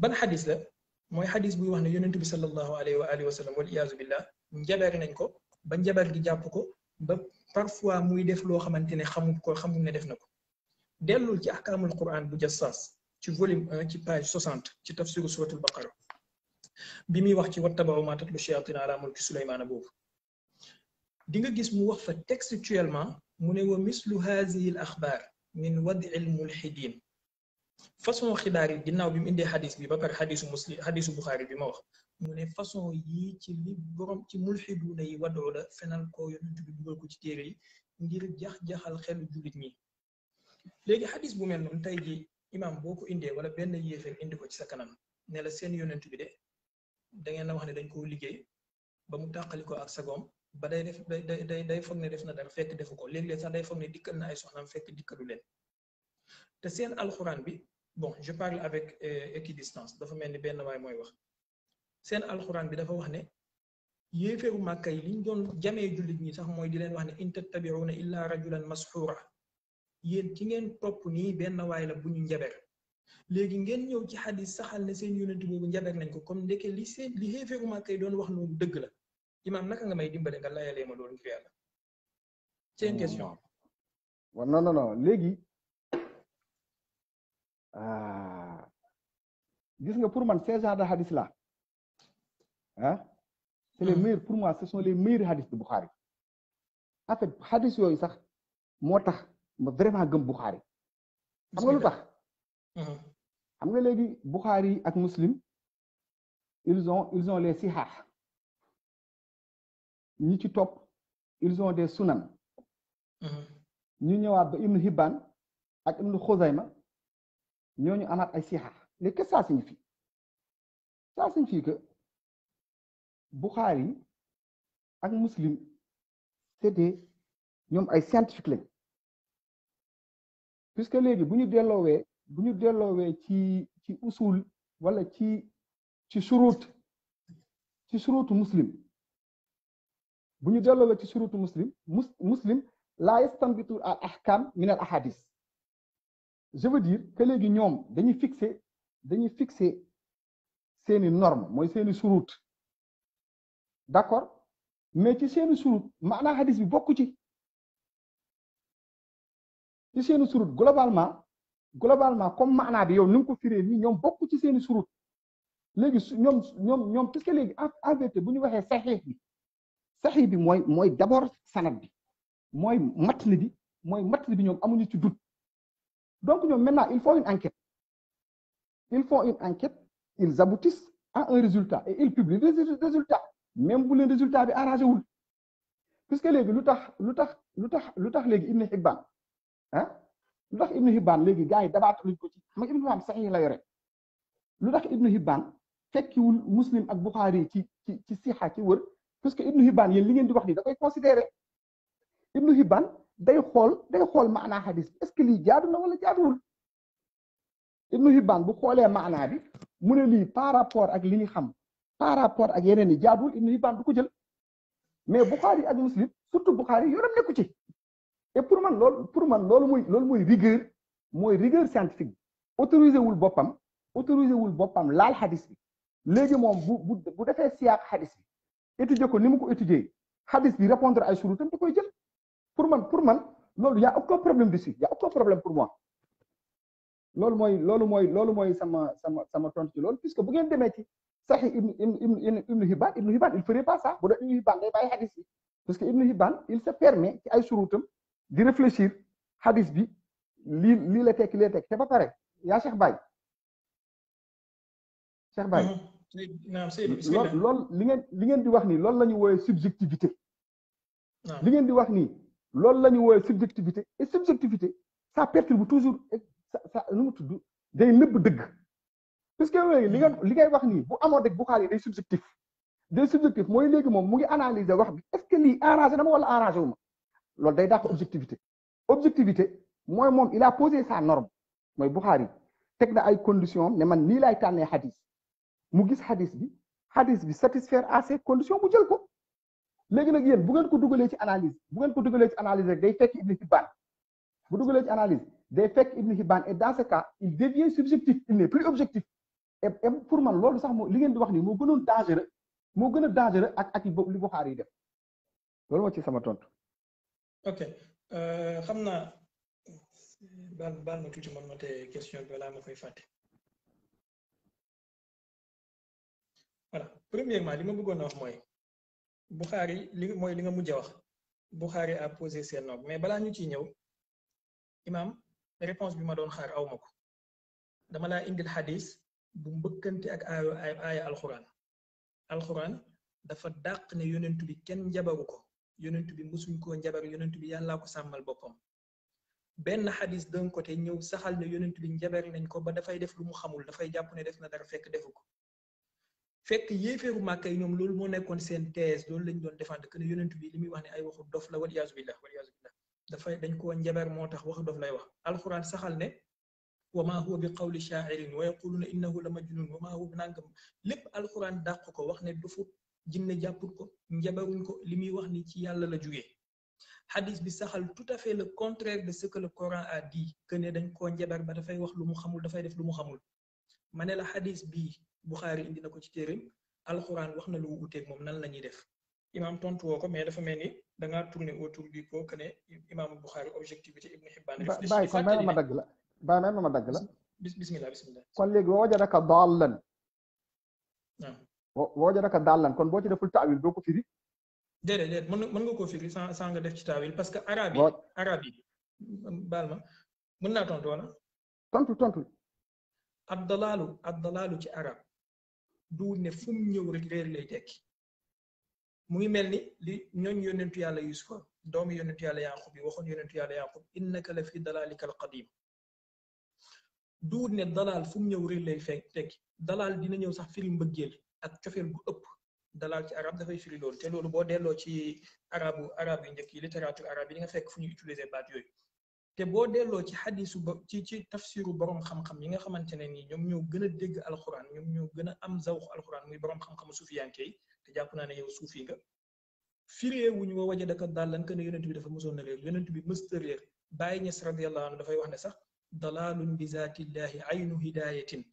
ban xadis la mooy xadis buy wax ne yonentu bi sallallahu alayhi wa alihi wa sallam wal iyaazu billah njabar nañ ko ba njabar gi jàpp ko ba parfois muy def lo xamantene ne ko xamul ne def nako delul ci ahkamul quran bu jassas ci volume 1 ci page 60 ci tafsiru suratul baqara bi mi wax ci wattabau ma tatlu shayatin ala mulki sulayman boobu di nga gis mu wax fa textuellement mune wa mislu hadhihi al akhbar min wadi al mulhidin façon xibaar yi ginnaaw bi mu indee hadith bi ba pare xadisu muslim xadisu bukhari bi ma wax mu ne façon yi ci li borom ci mulxiduuna yi wadoo la fenal ko yonent bi dugal ko ci téere yi ngir jax-jaxal xelu jullit ñi léegi xadis bu mel noonu tey ji imam boo ko indee wala benn yéefeen indi ko ci sa kanam ne la seen yonent bi de da ngeen na wax ne dañ koo liggéey ba mu tàqali ko ak sagoom ba day def day day day foog ne def na dara fekk defu ko léeg-léeg sax day foog ne dikkal na ay soxnaam fekk dikkalu leen te seen alxuraan bi bon je parle avec euh, équidistance dafa mel ni benn waay mooy wax seen alxuraan bi dafa wax ne yéeféeru màkka yi liñ doon jamee jullit ñi sax mooy di leen wax ne in tattabi'una illa rajulan masxuura yéen ci ngeen topp nii benn waay la bu ñu njaber léegi ngeen ñëw ci xadis saxal ne seen yonent boobu njaber nañ ko comme ndeke li seen li yéeféeru màkka yi doon wax noonu dëgg la imaam naka nga may dimbale nga lay ma loolu ngir yàlla c'est une question waaw non non non léegi ah, gis nga pour man ces genre de xadis ah c'est les hmm. meilleurs pour moi ce sont les meilleurs hadith de Bukhari en fait yooyu sax moo tax ma vraiment gëm Bukhari xam nga lu tax hmm. xam nga léegi Bukhari yi ak muslim ils ont ils ont les sihah ñi ci topp ils ont des sunan hmm. ñu ñëwaat ba Ibn Hibban ak Ibn Khuzayma ñooñu amaat ay sihah léegi qu'est-ce que ça signifie ça signifie que Bukhari ak Muslim c'est des ñoom ay scientifique lañ puisque léegi bu ñu delloowee bu ñu delloowee ci ci usul wala ci ci surut ci surutu muslim bu ñu delloowee ci surutu muslim mus muslim laa yastanbitu al ahkam min al ahadis je dire que léegi ñoom dañuy fixer dañuy fixer seeni norme mooy seeni surut d' accord mais ci seeni surut maanaa xadis bi bokku ci ci seeni surut globalement globalement comme maanaa bi yow ni ko firee nii ñoom bokku ci seeni surut léegi ñoom ñoom ñoom parce que léegi en vérité bu ñu waxee saxiix bi saxiix bi mooy mooy d' abord sanad bi mooy matn bi mooy matn bi ñoom amuñu ci doute donc ñoom maintenant il faut une enquête ils font une enquête ils aboutissent a un résultat et ils publient des résultats même bu leen résultat bi arrangé wul puisque léegi lu tax lu tax lu tax lu tax léegi Ibn Hibban ah lu tax Ibn Hibban léegi gars yi dabaat nañ ko ci mag Ibn sax yi la yore lu tax Ibn Hibban fekkiwul muslim ak Bukhari ci ci ci sixa ci wër puisque Ibn Hibban yéen li ngeen di wax nii da koy considéré Ibn Hibban day xool day xool maanaa xadis bi est ce que lii jaadu na wala jaaduwul Ibn Hibban bu xoolee maanaa bi mu ne lii par rapport ak li ñu xam par rapport ak yeneen yi jaaduwul Ibn Hibban du ko jël mais Bukhari ak Muslim surtout Bukhari yoonam nekku ci et pour man loolu pour man loolu mooy loolu mooy rigueur mooy rigueur scientifique bi autorisé wul boppam autorisé wul boppam laal hadis bi léegi moom bu bu defee siyaak hadis bi ko ni mu ko étudier hadis bi répondre ay surutam da koy jël pour man pour man loolu y a aucun problème dessus y a aucun problème pour moi loolu mooy loolu mooy loolu mooy sama sama sama tontu ci loolu puisque bu ngeen demee ci saxi ibn ibn ibn Hibban ibn Hibban il ferait pas ça bu doon ibn Hibban day bàyyi xadis bi parce que ibn Hibban il se permet ci ay surutam di réfléchir xadis bi lii lii la tekki lii la tekki te ba pare ya Cheikh Baye Cheikh Baye mhm. loolu loolu li ngeen li ngeen di wax nii loolu la ñu wooyee subjectivité li ngeen di wax nii loolu la ñu wooyee subjectivité et subjectivité bu toujours ça ça nu mu tudd day nëbb dëgg puisque que li nga hmm. ngay wax ni bu amone rek Buxaari day subjectif day subjectif moy léegi mom mu ngi analyser wax bi est-ce que li arrangé dama wala arrangé wu ma loolu day dàq objectivité objectivité moy mom il a posé sa norme moy bukhari tek na ay conditions ne man ni lay tànnee hadith mu gis hadith bi hadith bi satisfaire à ces conditions mu jël ko léegi nak yeen bu ngeen ko dugalee ci analyse bu ngeen ko dugalee ci analyse rek day fekk Ibn Hibban bu dugalee ci analyse day fekk Ibn Hibban et dans ce cas il devient subjectif il n'est plus objectif et pour man loolu sax moo li ngeen di wax nii moo gënoon dangereux moo gën a dangereux ak ak yi boobu li Buxaari yi def loolu moo ci sama tontu. ok euh, xam naa baal baal ma tuuti man ma te question bi balaa ma koy fàtte. voilà premièrement li ma bëggoon a wax mooy Buxaari li mooy li nga mujj a wax Buxaari a posé ses normes mais balaa ñu ciy ñëw imaam réponse bi ma doon xaar aw ma ko dama laa indil xadis. bumbukanti ak aayo ay aaya alxuraan alxuraan dafa dàq ne yonent bi kenn njabaru ko yonent bi musuñ koo njabar yonent bi yàllaa ko sàmmal boppam benn xadis d'un côté ñëw saxal ne yonent bi njabar nañ ko ba dafay def lu mu xamul dafay jàpp ne def na dara fekk defu ko fekk yéeféeru màkka yi ñoom loolu moo nekkoon seen thèse loolu lañ doon défendre que ne yonent bi li muy wax ne ay waxu dof la waliyaasu billah waliyaasu billah dafay dañ koo njabar moo waxu dof lay wax alxuraan saxal ne وما هو بقول شاعر ويقولون إنه لمجنون وما هو بنangam lépp alxuraan dàq ko wax ne dofu jinne jàppul ko njabaruñ ko li muy wax ni ci yàlla la jugee hadis bi saxal tout à fait le contraire de ce que le Coran a dit que ne dañ koo njabar ba dafay wax lu mu xamul dafay def lu mu xamul ma ne la hadis bi Bukhari indi na ko ci téerim alxuraan wax na lu wuuteeg moom nan la ñuy def imam tontu woo ko mais dafa mel ni da ngaa tourner autour du pot que ne imam Bukhari objectivité Ibn Hibban. bàyyi ko mel ma dagg la bàyyi may ma ma dagg la bismillah bismillah kon léegi wa wajadaka daallan wa wajadaka daallan kon boo ci deful taawil doo ko firi déedéet déedéet mën mën nga koo firi sans sans nga def ci taawil parce que arab yi arab yi baal ma mën naa tontu wala tontu tontu addalaalu addalaalu ci arab du ne fu mu ñëw rek réer lay tekki mu ngi mel ni li ñooñ yonentu yàlla yusufa doomu yonentu yàlla yaqub yi waxoon yonentu yàlla yaqub innaka la fi dalalika al qadim duut ne dalal fu mu ñëw réel lay fekk tekki dalal dina ñëw sax firi mbëggeel ak cofeel bu ëpp dalal ci arab dafay firi loolu te loolu boo delloo ci arabu arab yu njëkk yi littérature arabe yi di nga fekk fu ñuy utiliser baat yooyu te boo delloo ci xadisu ba ci ci tafsiru borom xam-xam yi nga xamante ne nii ñoom ñoo gën a dégg alxuraan ñoom ñoo gën a am zawxu alxuraan muy borom xam-xamu suufiyanke yi te jàpp naa ne yow suufi nga firee wuñu wa waja daka dàllan que ne yonent bi dafa mësoon na réer yonent bi mësta réer bàyyi ñes radiallahu anhu dafay wax ne sax dalalun bi zaatillahi aynu hidayatin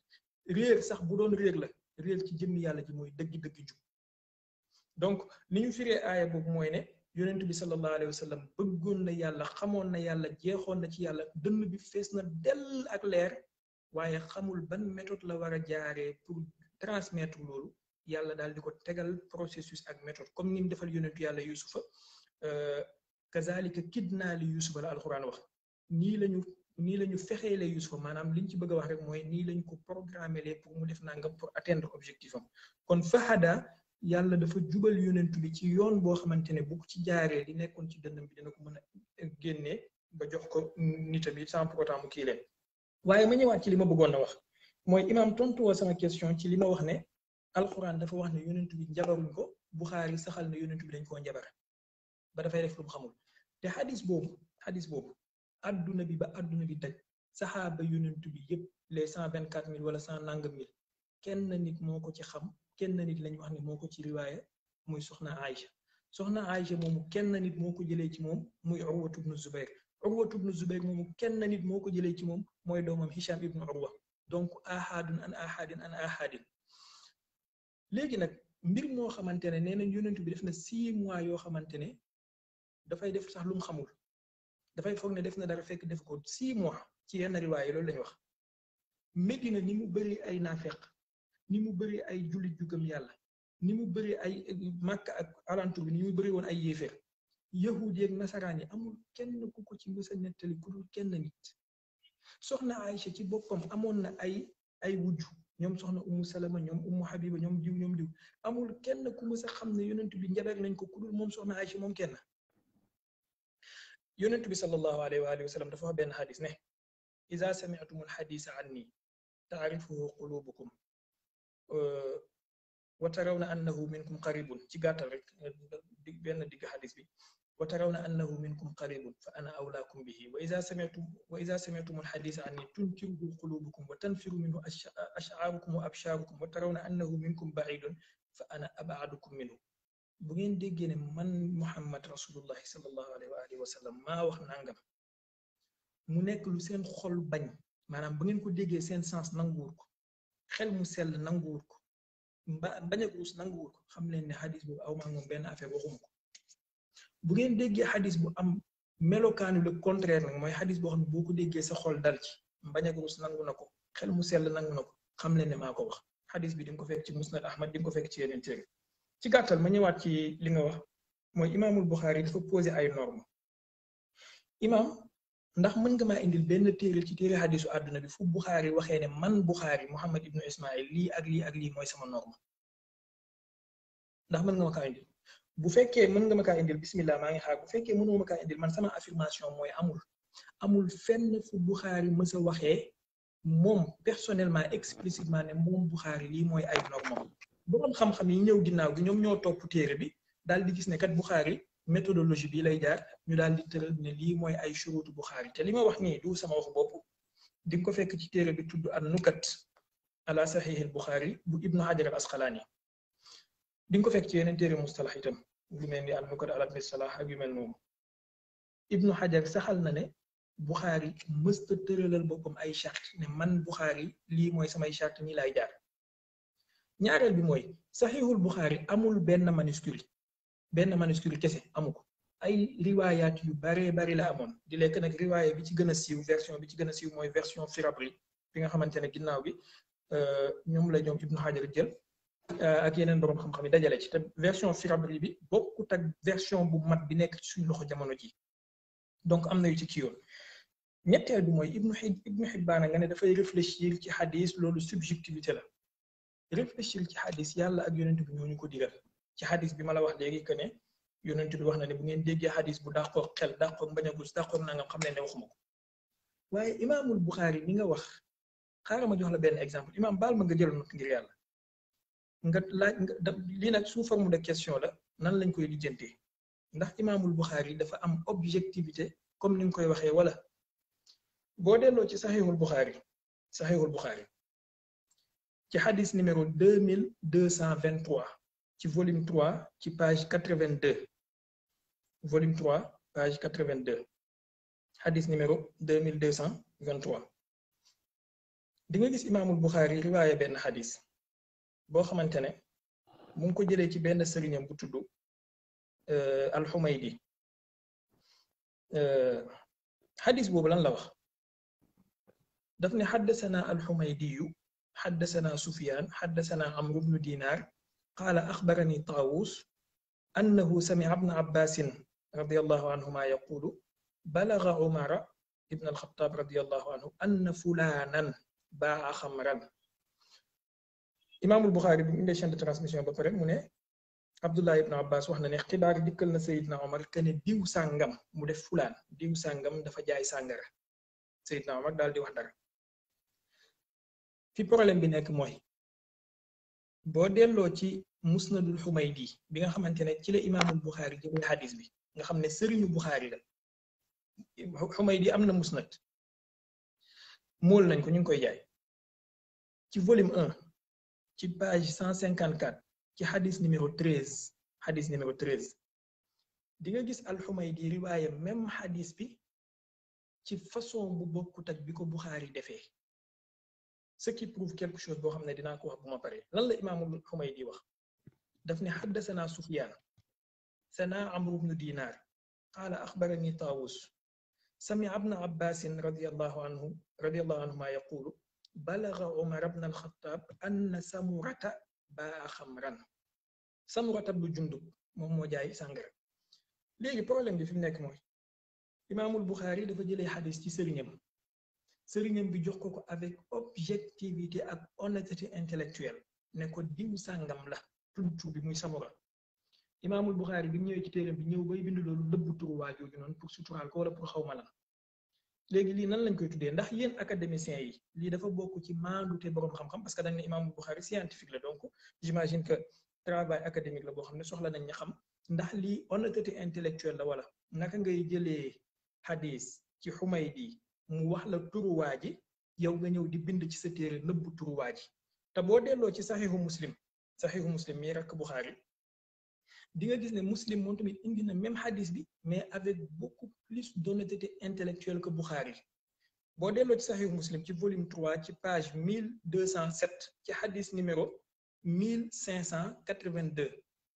réer sax bu doon réer la réer ci jëmm yàlla ji mooy dëgg-dëgg jub donc ni ñu firee aaya boobu mooy ne yonent bi sallallahu alayhi wa sallam bëggoon na yàlla xamoon na yàlla jeexoon na ci yàlla dënn bi fees na dell ak leer waaye xamul ban méthode la war a jaaree pour transmettre loolu yàlla daal di ko tegal processus ak méthode comme ni mu defal yonentu yàlla yusufa kazalika kidnaa li yusufa la alquran wax nii lañu nii la ñu fexeele Youssoupha maanaam liñ ci bëgg a wax rek mooy nii lañ ko programmé lee pour mu def nangam pour atteindre objectif am kon fahada yàlla dafa jubal yonent bi ci yoon boo xamante ne bu ci jaaree li nekkoon ci dëndam bi dina ko mën a génnee ba jox ko nita bi sans pour autant mu kii waaye ma ñëwaat ci li ma bëggoon a wax mooy imaam tontuwoo sama question ci li ma wax ne alxuraan dafa wax ne yonent bi njabaruñ ko Buxaari saxal na yonent bi dañ koo njabar ba dafay def lu xamul te xadis boobu xadis boobu aduna bi ba aduna bi daj sahaba yonent bi yépp les 124000 wala 100 nangam mille kenn nit moko ci xam kenn nit lañ wax ni moko ci riwaya muy soxna aisha soxna aisha moomu kenn nit moko jele ci mom muy urwatu ibn zubayr urwatu ibn zubayr moomu kenn nit moko jele ci mom moy domam hisham ibn urwa donc ahadun an ahadin an ahadin léegi nak mbir mo xamantene ne yonent bi def na 6 mois yo xamantene da fay def sax lu mu xamul dafay foog ne def na dara fekk def ko six mois ci yenn riwaay loolu lañu wax Medina ni mu bëri ay naafeq ni mu bëri ay jullit jugam yàlla ni mu bëri ay màkk ak alentour bi ni mu bëri woon ay yéeféer yahud yeeg nasaraan yi amul kenn ku ko ci mësa nettali ku dul kenn nit soxna Aïcha ci boppam amoon na ay ay wujju ñoom soxna umu salama ñoom umu habiba ñoom diw ñoom diw amul kenn ku mësa xam ne yonent bi njabeer nañ ko ku moom soxna Aïcha moom kenn يونت بي صلى الله عليه واله وسلم دفع بين حديث نه اذا سمعتم الحديث عني تعرفه قلوبكم وترون انه منكم قريب تي غاتال رك بين ديغ حديث بي وترون انه منكم قريب فانا اولاكم به واذا سمعتم واذا سمعتم الحديث عني تنكر قلوبكم وتنفر منه اشعاركم وابشاركم وترون انه منكم بعيد فانا ابعدكم منه bu ngeen déggee ne man muhammad rasulullahi sallallahu alayhi wa sallam maa wax nangam mu nekk lu seen xol bañ maanaam bu ngeen ko déggee seen sens nanguwul ko xel mu sell nanguwul ko mba bañ a guus nanguwul ko xam leen ne xadis bo aw maa moom benn affaire waxum ko bu ngeen déggee xadis bu am melokaanu le contraire na mooy xadis boo xam ne boo ko déggee sa xol dal ci bañ a guus nangu na ko xel mu sell nangu na ko xam leen ne maa ko wax xadis bi di nga ko fekk ci musnad ahmad di nga ko fekk ci yeneen téere ci gàttal ma ñëwaat ci li nga wax mooy imaamul Buxaari dafa posé ay normes imaam ndax mën nga maa indil benn téere ci téere xadisu àdduna bi fu Buxaari waxee ne man Buxaari Muhammad ibnu Ismail lii ak lii ak lii mooy sama norme ndax mën nga ma kaa indil bu fekkee mën nga ma kaa indil bismillah maa ngi xaar bu fekkee mënoo ma kaa indil man sama affirmation mooy amul amul fenn fu Buxaari mës waxee moom personnellement explicitement ne moom Buxaari lii mooy ay normes borom xam-xam yi ñëw ginnaw gi ñom ñoo top téré bi dal di gis ne kat bukhari méthodologie bi lay jaar ñu dal di teural ne li moy ay shurutu bukhari te li wax ni du sama wax bop di ko fekk ci téré bi tuddu an nukat ala sahih al bukhari bu ibn Hajar al asqalani di ko fekk ci yenen téré mustalah itam lu melni ni al nukat ala ibni salaah ak yu mel noonu ibn Hajar saxal na ne bukhari mësta tëralal bopam ay charte ne man bukhari li moy samay charte ni lay jaar. ñaarel bi mooy saxiixul buxaari amul benn manuscrit benn manuscrit kese amu ko ay riwayat yu bare bari la amoon di lekk nag riwaya bi ci gën a siiw version bi ci gën a siiw mooy version firabri bi nga xamante ne ginnaaw bi ñoom la ñoom ibnu xaajar jël ak yeneen borom xam-xam yi dajale ci te version firabri bi bokkut ak version bu mat bi nekk ci suñu loxo jamono ji donc am na yu ci kii yoon ñetteel bi mooy ibnu xi ibnu xibbaana nga ne dafay réfléchir ci xadis loolu subjectivité la réfléchir ci hadith yalla ya ak yonent bi ñu ko digal ci hadith bi mala la wax léegi ke ne yonent bi wax na ne bu ngeen déggé hadith bu ak xel dakk ak a gus dakk na nga xamné ne waxumako waye imam bukhari mi nga wax xaaral ma jox la ben exemple imam bal ma nga jël not ngir yalla nga laaj li nak sous forme de question la nan lañ koy lijeenté ndax imam bukhari dafa am objectivité comme ni ngui koy waxé wala bo délo ci sahihul bukhari sahihul bukhari ci xadis numéro deux mille deux cent vingt trois ci volume trois ci page quatre vingt deux volume trois page quatre vingt deux xadis numéro deux mille deux cent vingt trois di nga gis imaamul Buxaari riwaaye benn xadis boo xamante ne mu ngi ko jëlee ci benn sëriñam bu tudd euh, alxumaydi xadis euh, boobu lan la wax daf ne xaddasana alxumaydiyu حدثنا سفيان حدثنا عمرو بن دينار قال أخبرني طاووس أنه سمع ابن عباس رضي الله عنهما يقول بلغ عمر ابن الخطاب رضي الله عنه أن فلانا باع خمرا إمام البخاري من إندي شند ترانسميشن بفرق منه عبد الله ابن عباس وحنا نيخ xibaar dikkal na sayyidna omar ken diw sangam ديو def fulan diw sangam dafa jaay sangara sayyidna fi problème bi nekk mooy boo delloo ci musnadul xumaydi bi nga xamante ne ci la imaamul buxaari jëlee xadis bi nga xam ne sëriñu buxaari la xumaydi am na musnad mool nañ ko ñu ngi koy jaay ci volume un ci page cent cinquante quatre ci xadis numéro treize xadis numéro treize di nga gis alxumaydi riwaaye même xadis bi ci façon bu bokkut ak bi ko buxaari defee ce qui prouve quelque chose bo xamné dina ko wax buma paré lan la imaamul Xumaydi wax daf ni hadathana sufyan sana Amru bnu Dinaar qaala axbarani Taawus سمع ابن عباس رضي الله عنه رضي الله عنهما يقول بلغ عمر بن الخطاب أن سمرة باع خمرا سمرة بن جندب مومو جاي سانغر ليغي بروبليم بي فيم نيك موي امام البخاري دا فا جيلي حديث سي سيرنيم sëriñam bi jox ko ko avec objectivité ak honnêteté intellectuelle ne ko diw sàngam la tuntu bi muy samora imaamul Buxaari bi ñëwee ci téeram bi ñëw bay bind loolu dëbb turu waa jooju noonu pour suturaal ko wala pour xaw ma léegi lii nan lañ koy tuddee ndax yéen académiciens yi lii dafa bokk ci maandute borom xam-xam parce que dañ ne imaamul Buxaari scientifique la donc j'imagine que travail académique la boo xam ne soxla nañ ñu xam ndax lii honnêteté intellectuelle la wala naka ngay jëlee hadis ci Xumaydi mu wax la turuwaa ji yow nga ñëw di bind ci sa téere nëbbu turuwaa te boo delloo ci saxiixu muslim saxiixu muslim mii rakk Buxaari di nga gis ne muslim moom tamit indi na même hadis bi mais avec beaucoup plus d'honnêteté intellectuelle que Buxaari boo delloo ci saxiixu muslim ci volume 3 ci page 1207 ci hadis numéro 1582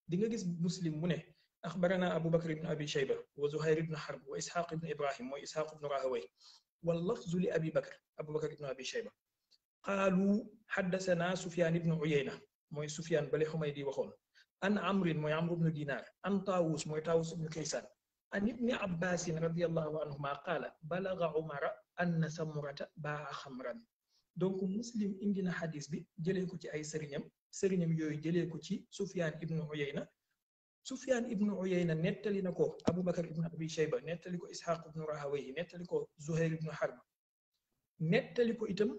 di nga gis muslim mu ne axbarana Abu Bakr ibn Abi Shayba wa Zuhayr ibn Harb wa Ishaq ibn Ibrahim mooy Ishaq ibn Rahaway واللفظ لأبي بكر أبو بكر بن أبي شيبة قالوا حدثنا سفيان بن عيينة موي سفيان بلي حميدي وخون أن عمر موي عمرو بن دينار أن طاووس موي طاووس بن كيسان أن ابن عباس رضي الله عنهما قال بلغ عمر أن سمرة باع خمرا دونك مسلم عندنا حديث بي جليكو تي أي سرينيم سرينيم يوي جليكو تي سفيان بن عيينة sufyaan ibnu uyayna nettali na ko aboubacar ibnu abi shayba nettali ko ishaq ibnu rahawayhi nettali ko zuhair ibnu harb nettali ko itam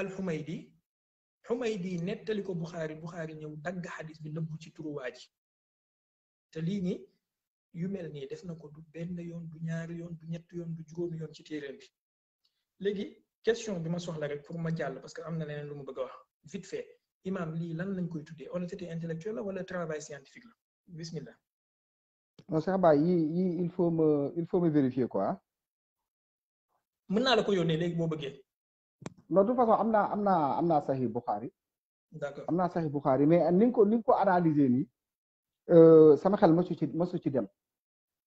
al humaydi humaydi nettali ko buxaari buxaari ñëw dagg xadis bi nëbb ci turuwaa ji te lii nii yu mel nii def na ko du benn yoon du ñaari yoon du ñett yoon du juróomi yoon ci téeréen bi léegi question bi ma soxla rek pour ma jàll parce que am na leneen lu mu bëgg a wax vite fait imam lii lan lañ koy tuddee honnêteté intellectuelle la wala travail scientifique la bismillah non Cheikh Ba yi yi il faut ma il faut me vérifier quoi mën naa la ko yónnee léegi boo bëggee non de façon am naa am naa am naa saxi Bukhari d'accord am naa Sahih Bukhari mais ni nga ko ni nga ko analyser nii euh, sama xel mosu ci mosu ci dem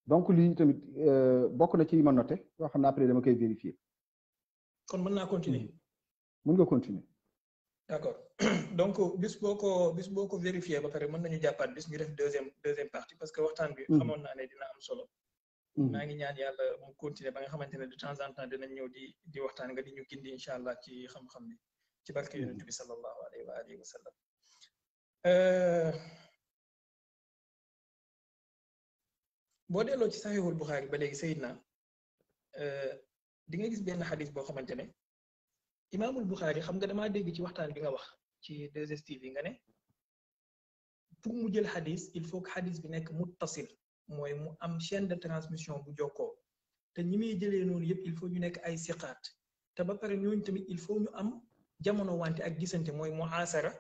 donc lii tamit euh, bokk na ci yi ma noté xam ne après dama koy vérifier kon mën naa continuer mën nga continuer d' accord donc bis boo ko bis boo ko vérifié ba pare mën nañu jàppaat bis ñu def deuxième deuxième partie parce que waxtaan bi. Mm. xamoon naa ne dina am solo. Mm. maa ngi ñaan yàlla mu continuer ba nga xamante ne de temps en temps dinañ ñëw di di waxtaan nga di ñu gindi incha allah ci xam-xam bi ci barke mm. yonent bi sallallahu alayhi wa alihi wa sallam. Euh, boo delloo ci saxiixul Buxaari ba léegi Seydina euh, di nga gis benn xadis boo xamante ne. imaamul Buxaari xam nga damaa dégg ci waxtaan bi nga wax ci 2STV nga ne pour mu jël xadis il faut que xadis bi nekk muttasil mooy mu am chaîne de transmission bu jokkoo te ñi muy jëlee noonu yëpp il faut ñu nekk ay siqaat te ba pare ñooñu tamit il faut ñu am jamono wante ak gisante mooy mu asara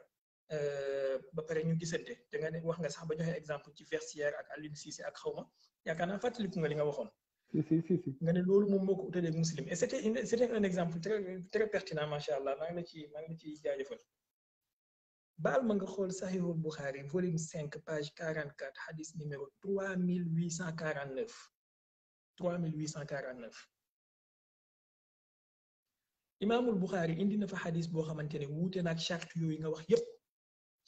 ba pare ñu gisante da nga ne wax nga sax ba joxe exemple ci Versière ak Alioune Cissé ak xawma yaakaar naa fàttaliku nga li nga waxoon si nga ne loolu moom moo u utalee muslim et c'était une un exemple très très pertinent macha allah maa ngi ci maa ngi la ciy jaajëfal baal ma nga xool saxiixul Buxaari volume cinq page quarante quatre hadis numéro trois mille huit cent quarante neuf trois mille huit cent quarante neuf imaamul indi na fa hadis boo xamante ne wuute ak charte yooyu nga wax yépp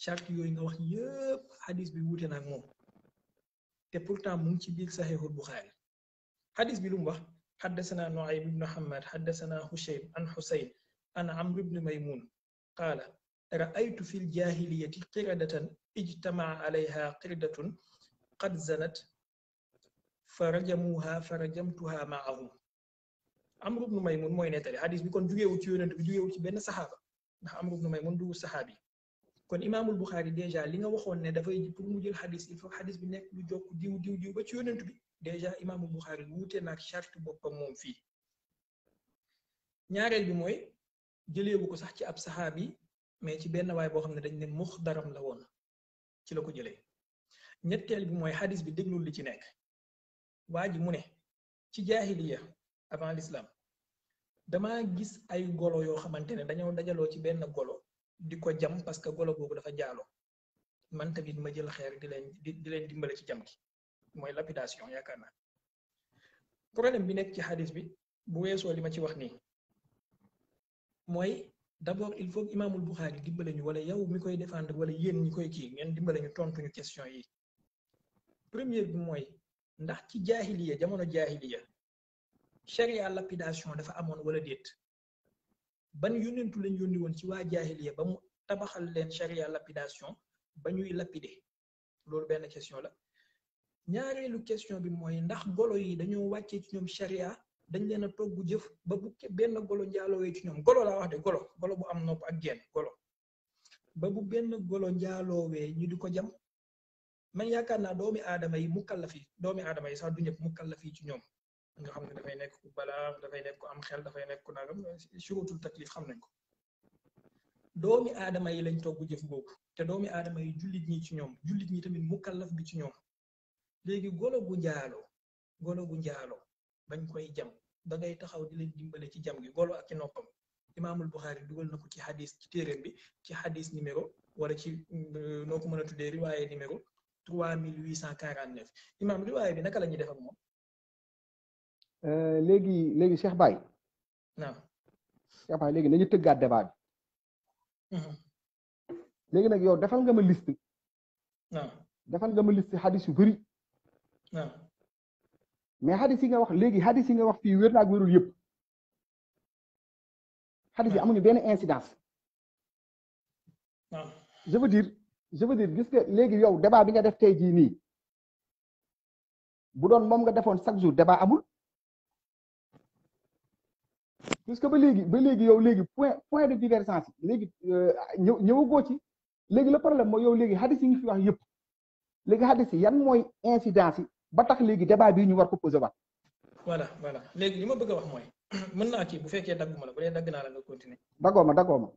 charte yooyu nga wax yépp hadis bi wuute na ak moom te pourtant mu ngi ci biir saxiixul Buxaari xadis bi lu mu wax xaddasana nuaym ibnu hamad xaddasana hushaym an xusayn an amr ibnu maymun qaala raaytu fi ljahiliyati qiradatan ijtamaca alayha qirdatun qad zanat fa rajamuha fa rajamtuha maahum amr ibnu maymun mooy nettali xadis bi kon jugeewul ci yonent bi jugeewul ci benn saxaaba ndax amr ibnu maymun du saxaabi kon imaamul Buxaari dèjà li nga waxoon ne dafay pour mu jël xadis il faut xadis bi nekk lu jokk diw diw diw ba ci yonent bi dèjà imaamul Buxaari wuute naag charte boppam moom fii ñaareel bi mooy jëleewu ko sax ci ab saxaabi mais ci benn waay boo xam ne dañ ne muxdaram la woon ci la ko jëlee ñetteel bi mooy xadis bi déglul li ci nekk waa ji mu ne ci jaahiliya avant l'islam dama gis ay golo yoo xamante ne dañoo dajaloo ci benn golo di jam parce que golo googu dafa jalo man tamit ma jël xeer di len di len dimbalé ci jam gi moy lapidation yakarna problème bi nek ci hadis bi bu wesso li ma ci wax ni moy d'abord il faut imamul bukhari dimbalé ñu wala yow mi koy défendre wala yeen ñi koy kii ngeen dimbalé ñu tontu ñu question yi premier bi moy ndax ci jahiliya jamono jahiliya sharia lapidation dafa amone wala dette ban yónentu lañ yónni woon ci waa jaahiliya ba mu tabaxal leen charia lapidation ba ñuy lapider loolu benn question la ñaareelu question bi mooy ndax golo yi dañoo wàccee ci ñoom charia dañ leen a togg jëf ba bu benn golo njaalowee ci ñoom golo laa wax de golo golo bu am nopp ak génn golo ba bu benn golo njaaloowee ñu di ko jam man yaakaar naa doomi aadama yi mukallaf yi doomi aadama yi sax du ñëpp mukallaf yi ci ñoom nga xam nga dafay nekk ku balaa dafay nekk am xel dafay nekk ku nagam surutul taklif xam nañ ko doomi aadama yi lañ togg jëf boobu te doomi aadama yi jullit ñi ci ñoom jullit ñi tamit mukallaf bi ci ñoom léegi golo gu njaalo golo gu njaalo bañ koy jam ba ngay taxaw di leen dimbale ci jam gi golo ak ci noppam imaamul Buxaari dugal na ko ci xadis ci téeréem bi ci xadis numéro wala ci noo ko mën a tuddee riwaaye numéro 3849 imaam riwaaye bi naka la ñuy def ak moom Euh, léegi léegi Cheikh Baye. waaw léegi nañu tëggaat débat bi. Mhm. léegi nag yow defal nga ma liste. waaw defal nga ma liste xadis yu bëri. mais xadis yi nga wax léegi xadis yi nga wax fii wér na ak wérul yëpp. xadis yi amuñu benn incidence. waaw je veux dire je veux dire gis léegi yow débat bi nga def tey jii nii bu doon moom nga defoon chaque jour débat amul. puisque ba léegi ba léegi yow léegi point point de divergence yi léegi euh, ñëw ñëwagoo ci léegi la problème mooy yow léegi hadis yi ngi fi wax yëpp léegi hadis yi yan mooy incidence ba tax léegi débat bii ñu war ko posé waat. voilà voilà léegi li ma bëgg a wax mooy mën naa kii bu fekkee dagguma la bu dagg naa la nga continuer. daggoo ma daggoo ma.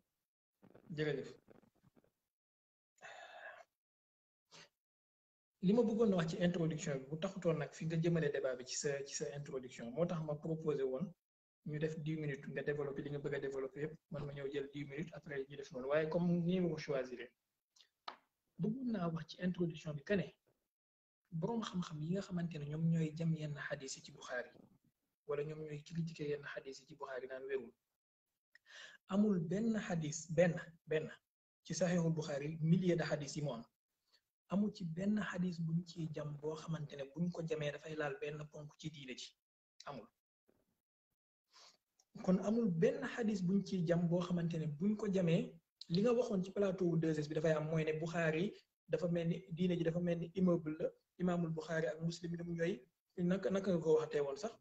bëggoon wax ci introduction bi bu taxutoon nag fi nga jëmale débat bi ci sa ci sa introduction moo tax ma proposé woon. ñu def dix minutes nga développé li nga bëgg a développé yëpp man ma ñëw jël dix minutes après ñu def noonu waaye comme nii ma ko choisir naa wax ci introduction bi kane boroom xam yi nga xamante ne ñoom ñooy jam yenn xadis yi ci Buxaari wala ñoom ñooy critiqué yenn xadis yi ci Buxaari naan wérul amul benn xadis benn benn ci saxiixul Buxaari millier de xadis yi moo amul ci benn xadis buñ ci jam boo xamante ne buñ ko jamee dafay laal benn ponk ci diine ci kon amul benn xadis buñ ciy jam boo xamante ne buñ ko jamee li nga waxoon ci plateau wu 2 bi dafay am mooy ne Buxaari dafa mel ni diine ji dafa mel ni immeuble la imaamul Buxaari ak muslim yi ñooy naka naka nga ko waxatee woon sax.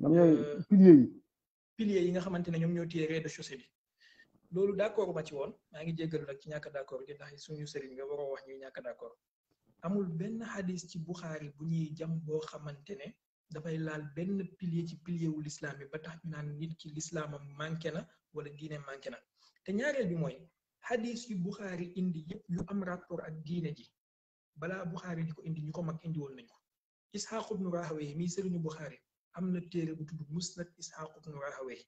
ñoom ñooy euh, piliers yi. nga xamante ne ñoom ñoo téye rez-de-chaussée bi loolu d'accord ma ci woon maa ngi jéggalu nag ci ñàkk d'accord gi ndax suñu sëriñ nga waroo wax ñuy ñàkk d'accord amul benn xadis ci Buxaari bu ñuy jam boo xamante dafay laal benn pilier ci pilier wu lislaam yi ba tax ñu naan nit ki lislaamam manqué na wala diine manqué na te ñaareel bi mooy hadis yu Buxaari indi yëpp yu am rapport ak diine ji balaa Buxaari di ko indi ñu ko mag indi woon nañu ko Isxaaq ibnu Rahawayh mii sëriñu Buxaari am na téere bu tudd Musnad Isxaaq ibnu Rahawayh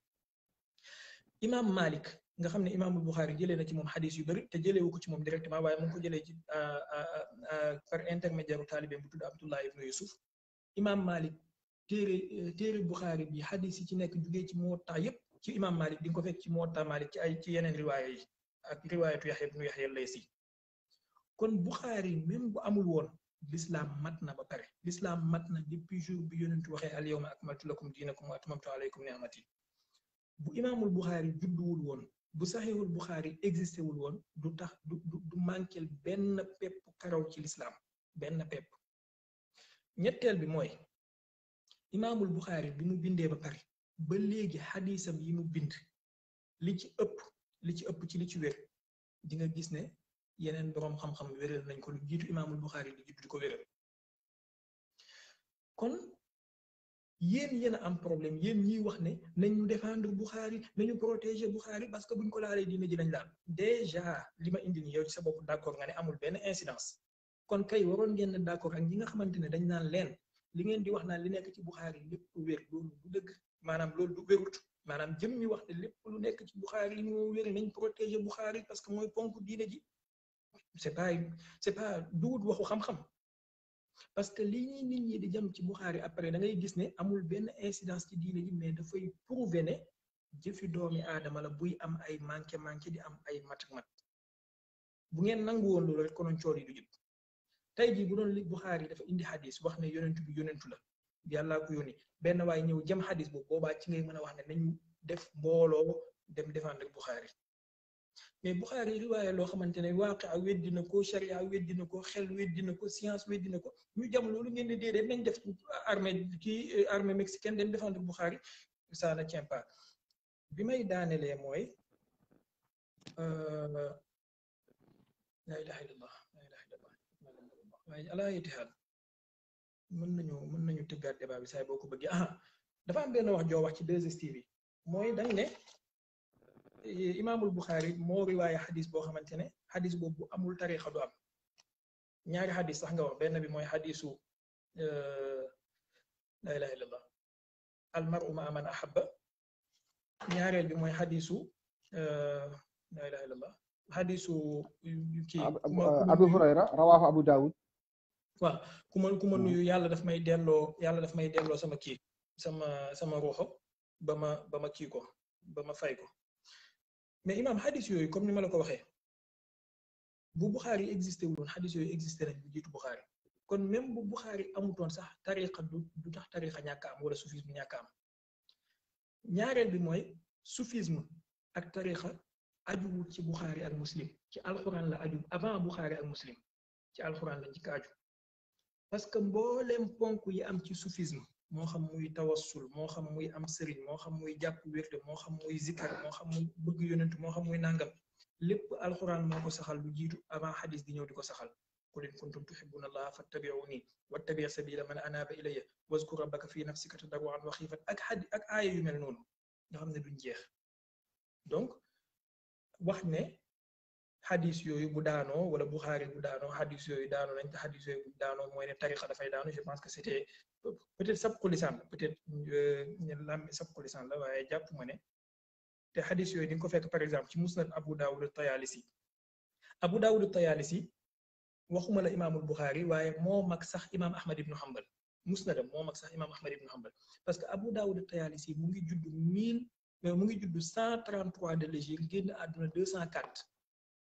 imaam Malik nga xam ne imaamul Buxaari jëlee na ci moom hadis yu bëri te jëleewu ko ci moom directement waaye mu ko jëlee ci euh, euh, euh, par intermédiaire u taalibeem bu tudd téere euh, téere Buxaari bi xadis yi ci nekk jugee ci Muwatta yëpp ci imam Malik di nga ko fekk ci Muwatta Malik ci ay ci yeneen riwaaya ak riwaayatu Yaxya ibnu Yaxya Laysi kon Buxaari même bu amul woon l'islam mat na ba pare l'islam mat na depuis jour bi yonent waxee al yawma akmaltu lakum diinakum wa atmamtu alaykum ni'mati bu imaamul Buxaari judduwul woon bu saxiixul Buxaari existé wul woon du tax du du manquel benn pepp karaw ci l'islam benn pepp ñetteel bi mooy imaamul buxaari bi mu bindee ba pare ba léegi xadisam yi mu bind li ci ëpp li ci ëpp ci li ci wér di nga gis ne yeneen boroom xam-xam wéral nañ ko lu jiitu imaamul buxaari di jiitu di ko wéral kon yéen yéen a am problème yéen ñiy wax ne nañu défendre buxaari nañu protéger buxaari parce que buñ ko laalee diine ji lañ laal déjà li ma indi nii yow ci sa bopp d'accord nga ne amul benn incidence kon kay waroon ngeen d'accord a ñi nga xamante ne dañ naan leen li ngeen di wax naa li nekk ci Buxaari lépp lu wér loolu du dëgg maanaam loolu du wérut maanaam jëm mi wax ne lépp lu nekk ci Buxaari li moo wér nañ protéger Buxaari parce que mooy ponk diine ji c'est pas c'est pas dugut waxu xam-xam parce que lii ñuy nit ñi di jëm ci Buxaari après da ngay gis ne amul benn insidence ci diine ji mais dafay prouver ne jëfi doomi aadama la buy am ay manqué manqué di am ay mat mat bu ngeen nangu woon loolu rek konoon coor yi du jub tey jii bu doon li Buxaari dafa indi xadis wax ne yonentu bi yonentu la yàllaa ko yónni benn waaye ñëw jëm xadis boobu boobaa ci ngay mën a wax ne def mbooloo dem défendre Buxaari mais Buxaari waaye loo xamante ne waaqi a weddi na ko charia weddi na ko xel weddi na ko science weddi na ko ñu jam loolu ngeen ne déedéet nañ def armée kii euh, armée mexicaine dem défendre Buxaari ça ne tient bi may daanelee mooy euh, la ilaha illallah waaye ala itihaad mën nañu mën nañu tëggaat débat bi saay boo ko bëggee ah dafa am benn wax joowax ci 2STV mooy dañ ne imaamul Buxaari moo riwaaye xadis boo xamante ne xadis boobu amul tarixa du am ñaari xadis sax nga wax benn bi mooy xadisu euh, la ilaha illallah al maru ñaareel bi mooy xadisu euh, la ilaha illallah xadisu Abu Hurayra rawaahu Abu Daawud waaw ku ma ku ma hmm. nuyu yàlla daf may delloo yàlla daf may delloo sama kii sama sama ruuxo ba ma ba ma kii ba ma fay ko mais imaam xadis comme ni ma la ko waxee bu Buxaari existé wuloon xadis yooyu existé nañ bu jiitu Buxaari kon même bu Buxaari amutoon sax tariqa du tax tariqa ñàkk am wala soufisme ñàkk am ñaareel bi mooy sufism ak tariqa ajuwul ci Buxaari ak muslim ci alxuraan la aju avant Buxaari ak muslim ci alxuraan la njëkk aju parce que mbooleem ponku yi am ci soufisme mo xam muy tawassul mo xam muy am serigne mo xam muy jàpp wirde mo xam muy zikr mo xam muy bëgg yonent mo xam muy nangam lépp alcorane moko saxal lu jitu avant hadith di ñëw diko ko saxal قل إن كنتم تحبون الله فاتبعوني واتبع سبيل من أناب إلي واذكر ربك في نفسك تضرعا وخيفا أك حد أك آية يمل نون nga xamne duñ jeex donc wax ne xadis yooyu bu daanoo wala Buxaari bu daanoo xadis yooyu daanoo nañ te xadis yooyu mooy ne tarixa dafay daanoo je pense que c'était peut-être sabqu lisaan la peut-être euh, lam sabqu lisaan la waaye jàpp ma ne te xadis yooyu di nga ko fekk par exemple ci musnad Abu Daawud Tayaalisi Abu Daawud Tayaalisi waxuma la imaamul Buxaari waaye moo mag sax imaam Ahmad ibnu Hanbal musnadam moo mag sax imaam Ahmad ibnu Hanbal parce que Abu Daawud Tayaalisi mu ngi judd mille mu ngi judd de l'hégire génn àdduna deux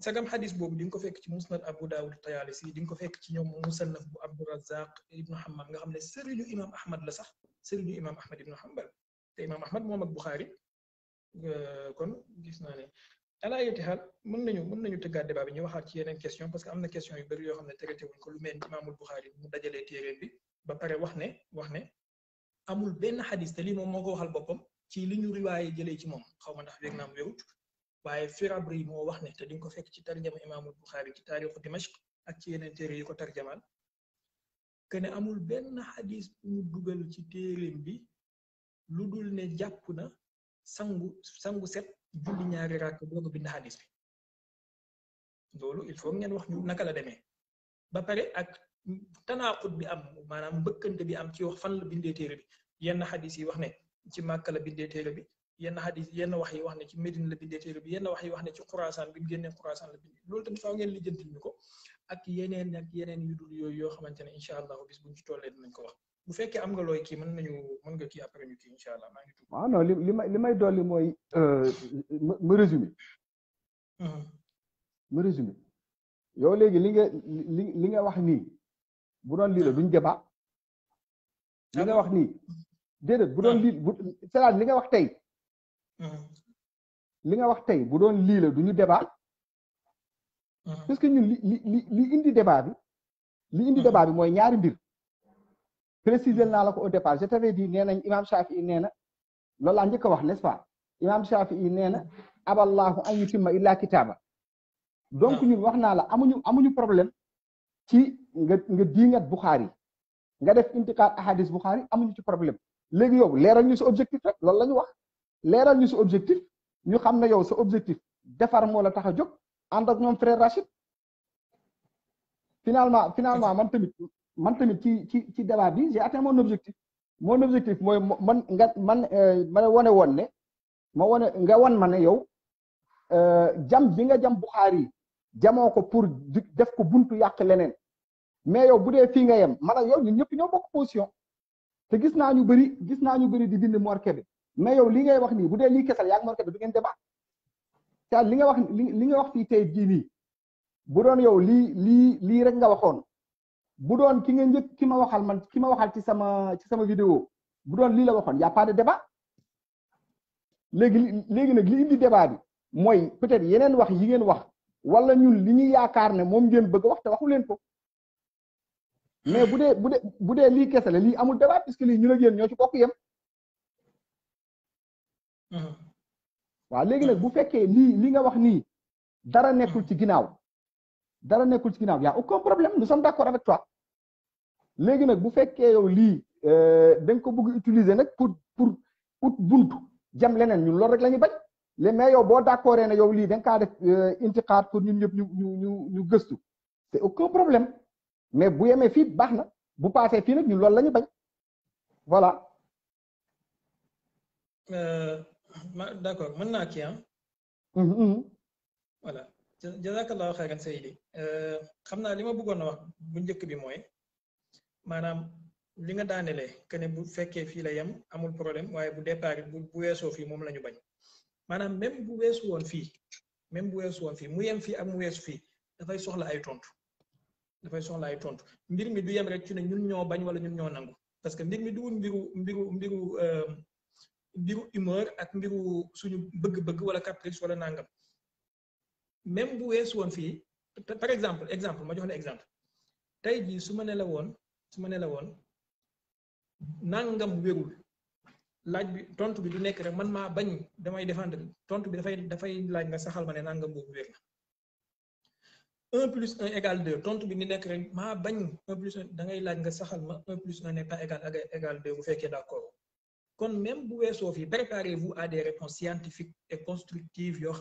sagam xadis boobu di nga ko fekk ci musnad abu daawud tayaalisi di nga ko fekk ci ñoom musannaf bu abdurazaq ibnu xambal nga xam ne sëriñu imam ahmad la sax sëriñu imam ahmad ibnu xambal te imam ahmad moom ak buxaari kon gis naa ne ala yati xaal mën nañu mën nañu tëggaat débat bi ñu waxaat ci yeneen question parce que am na question yu bëri yoo xam ne traité wuñ ko lu mel ni imaamul buxaari mu dajalee téeréen bi ba pare wax ne wax ne amul benn xadis te lii moom moo ko waxal boppam ci li ñu riwaaye jëlee ci moom xaw ma ndax wéeg naam wéwut waaye Firabri moo wax ne te di ko fekk ci tarjama imaamul Buxaari ci taarixu Dimashq ak ci yeneen téere yi ko tarjamal que ne amul benn xadis bu mu dugal ci téereem bi lu dul ne jàpp na sangu sangu set julli ñaari rakk doog a bind xadis bi loolu il faut ngeen wax ñu naka la demee ba pare ak tanaaqut bi am maanaam mbëkkante bi am ci wax fan la bindee téere bi yenn xadis yi wax ne ci Màkka la bindee téere bi yenn hadis yenn wax yi wax ne ci Médine la bindee téere bi yenn wax yi wax ne ci Xuraasaan bi mu génnee Xuraasaan la bindee loolu tamit faaw ñu ko ak yeneen ak yeneen yu dul yooyu yoo xamante ne incha allah bis buñ ci tollee dinañ ko wax bu fekkee am nga looy kii mën nañu mën nga kii après ñu kii incha allah maa ngi tudd. waaw ah non li may li may dolli mooy euh, ma résumé. Hmm. ma résumé yow léegi li nga li li nga wax ni bu doon lii la duñ débat. li nga wax ni hmm. déedéet bu doon hmm. lii bu c'est li nga wax tey. Hmm. li nga wax tey bu doon lii la du ñu débat hmm. parce que ñun li bi li indi hmm. débat bi mooy ñaari mbir préciser naa la ko au départ je t'avais dit nee nañ imaam Shafi'i nee na loolu laa njëkk a wax n'est-ce pas imaam Shafi'i nee na aballaahu an yutimma illaa kitaaba donc ñu wax naa la amuñu amuñu problème ci nga nga diingat Bukhari nga def intiqaad ahadis Bukhari amuñu ci problème léegi yow leeral ñu sa objectif rek loolu la ñu wax leeral ñu sa objectif ñu xam na yow sa objectif defar moo la tax a jóg ànd ak ñoom frère Rachid finalement finalement man tamit man tamit ci ci ci débat bi j'ai atteint mon objectif mon objectif man nga man euh, ma wane woon ne ma wane nga wan ma ne yow e jam bi nga jam Buxaari jamoo ko pour def ko buntu yàq leneen mais yow bu dee fii nga yem man ak yow ñun ñëpp ñoo bokk position te gis naa ñu bëri gis naa ñu bëri di bind Mor Kébé mais yow li ngay wax nii bu dee lii kesal yaa ngi marqué du ngeen débat ca li nga wax li nga wax fii tey jii nii bu doon yow lii lii lii rek nga waxoon bu doon ki ngeen njëkk ki ma waxal man ki ma waxal ci sama ci sama vidéo bu doon lii la waxoon y a pas de débat léegi nag li indi débat bi mooy peut-être yeneen wax yi ngeen wax wala ñun li ñuy yaakaar ne moom ngeen bëgg wax te waxu leen ko mais bu dee bu dee bu dee lii kese la lii amul débat puisque lii ñun ak yéen ñoo ci bokk yem Mhm. waaw léegi nag mhm. bu fekkee lii li nga wax nii dara nekkul ci mhm. ginnaaw dara nekkul ci ginnaaw yaa a aucun problème nous sommes d'accord avec toi léegi nag bu fekkee yow lii euh, da nga ko bëgg utiliser nag pour pour ut buntu jam leneen ñun loolu rek la ñu bañ les mais yow boo d'accord ne yow lii da nga kaa def euh, intixaat pour ñun ñëpp ñu ñu ñu ñu gëstu c'est aucun problème mais bu yemee fii baax na bu paasee fii nag ñun loolu la bañ voilà. Euh, d'accord mën naa wala kii ah. mm-hmm, mm-hmm. la wax jazakallahu xayran Seydi euh, xam naa li ma bëggoon a wax bu njëkk bi mooy maanaam li nga daanelee que ne bu fekkee fii la yem amul problème waaye bu départ bu bu weesoo fii moom lañu bañ manaam même bu weesu woon fii même bu weesu woon fii mu yem fii ak mu weesu fii dafay soxla ay tontu dafay soxla tontu mbir mi du yem rek ci ne ñun ñoo bañ wala ñun ñoo nangu parce mbir mi duwul mbiru mbiru mbiru. Euh, mbiru humeur ak mbiru suñu bëgg-bëgg wala caprice wala nangam même bu wess won fi par exemple exemple ma jox la exemple tay ji suma ne la won suma ne la won nangam wérul laaj bi tontu bi du nek rek man ma bañ damay défendre tontu bi da fay laaj nga saxal ma ne nangam boobu wér 1 plus 1 égal 2 tontu bi ni nek rek ma bañ 1 plus 1 da ngay laaj nga saxal ma 1 plus 1 n'est pas égal ak égal 2 bu fekkee d'accord Quand même vous êtes sauvé. préparez-vous à des réponses scientifiques et constructives yo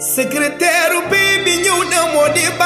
secrétaire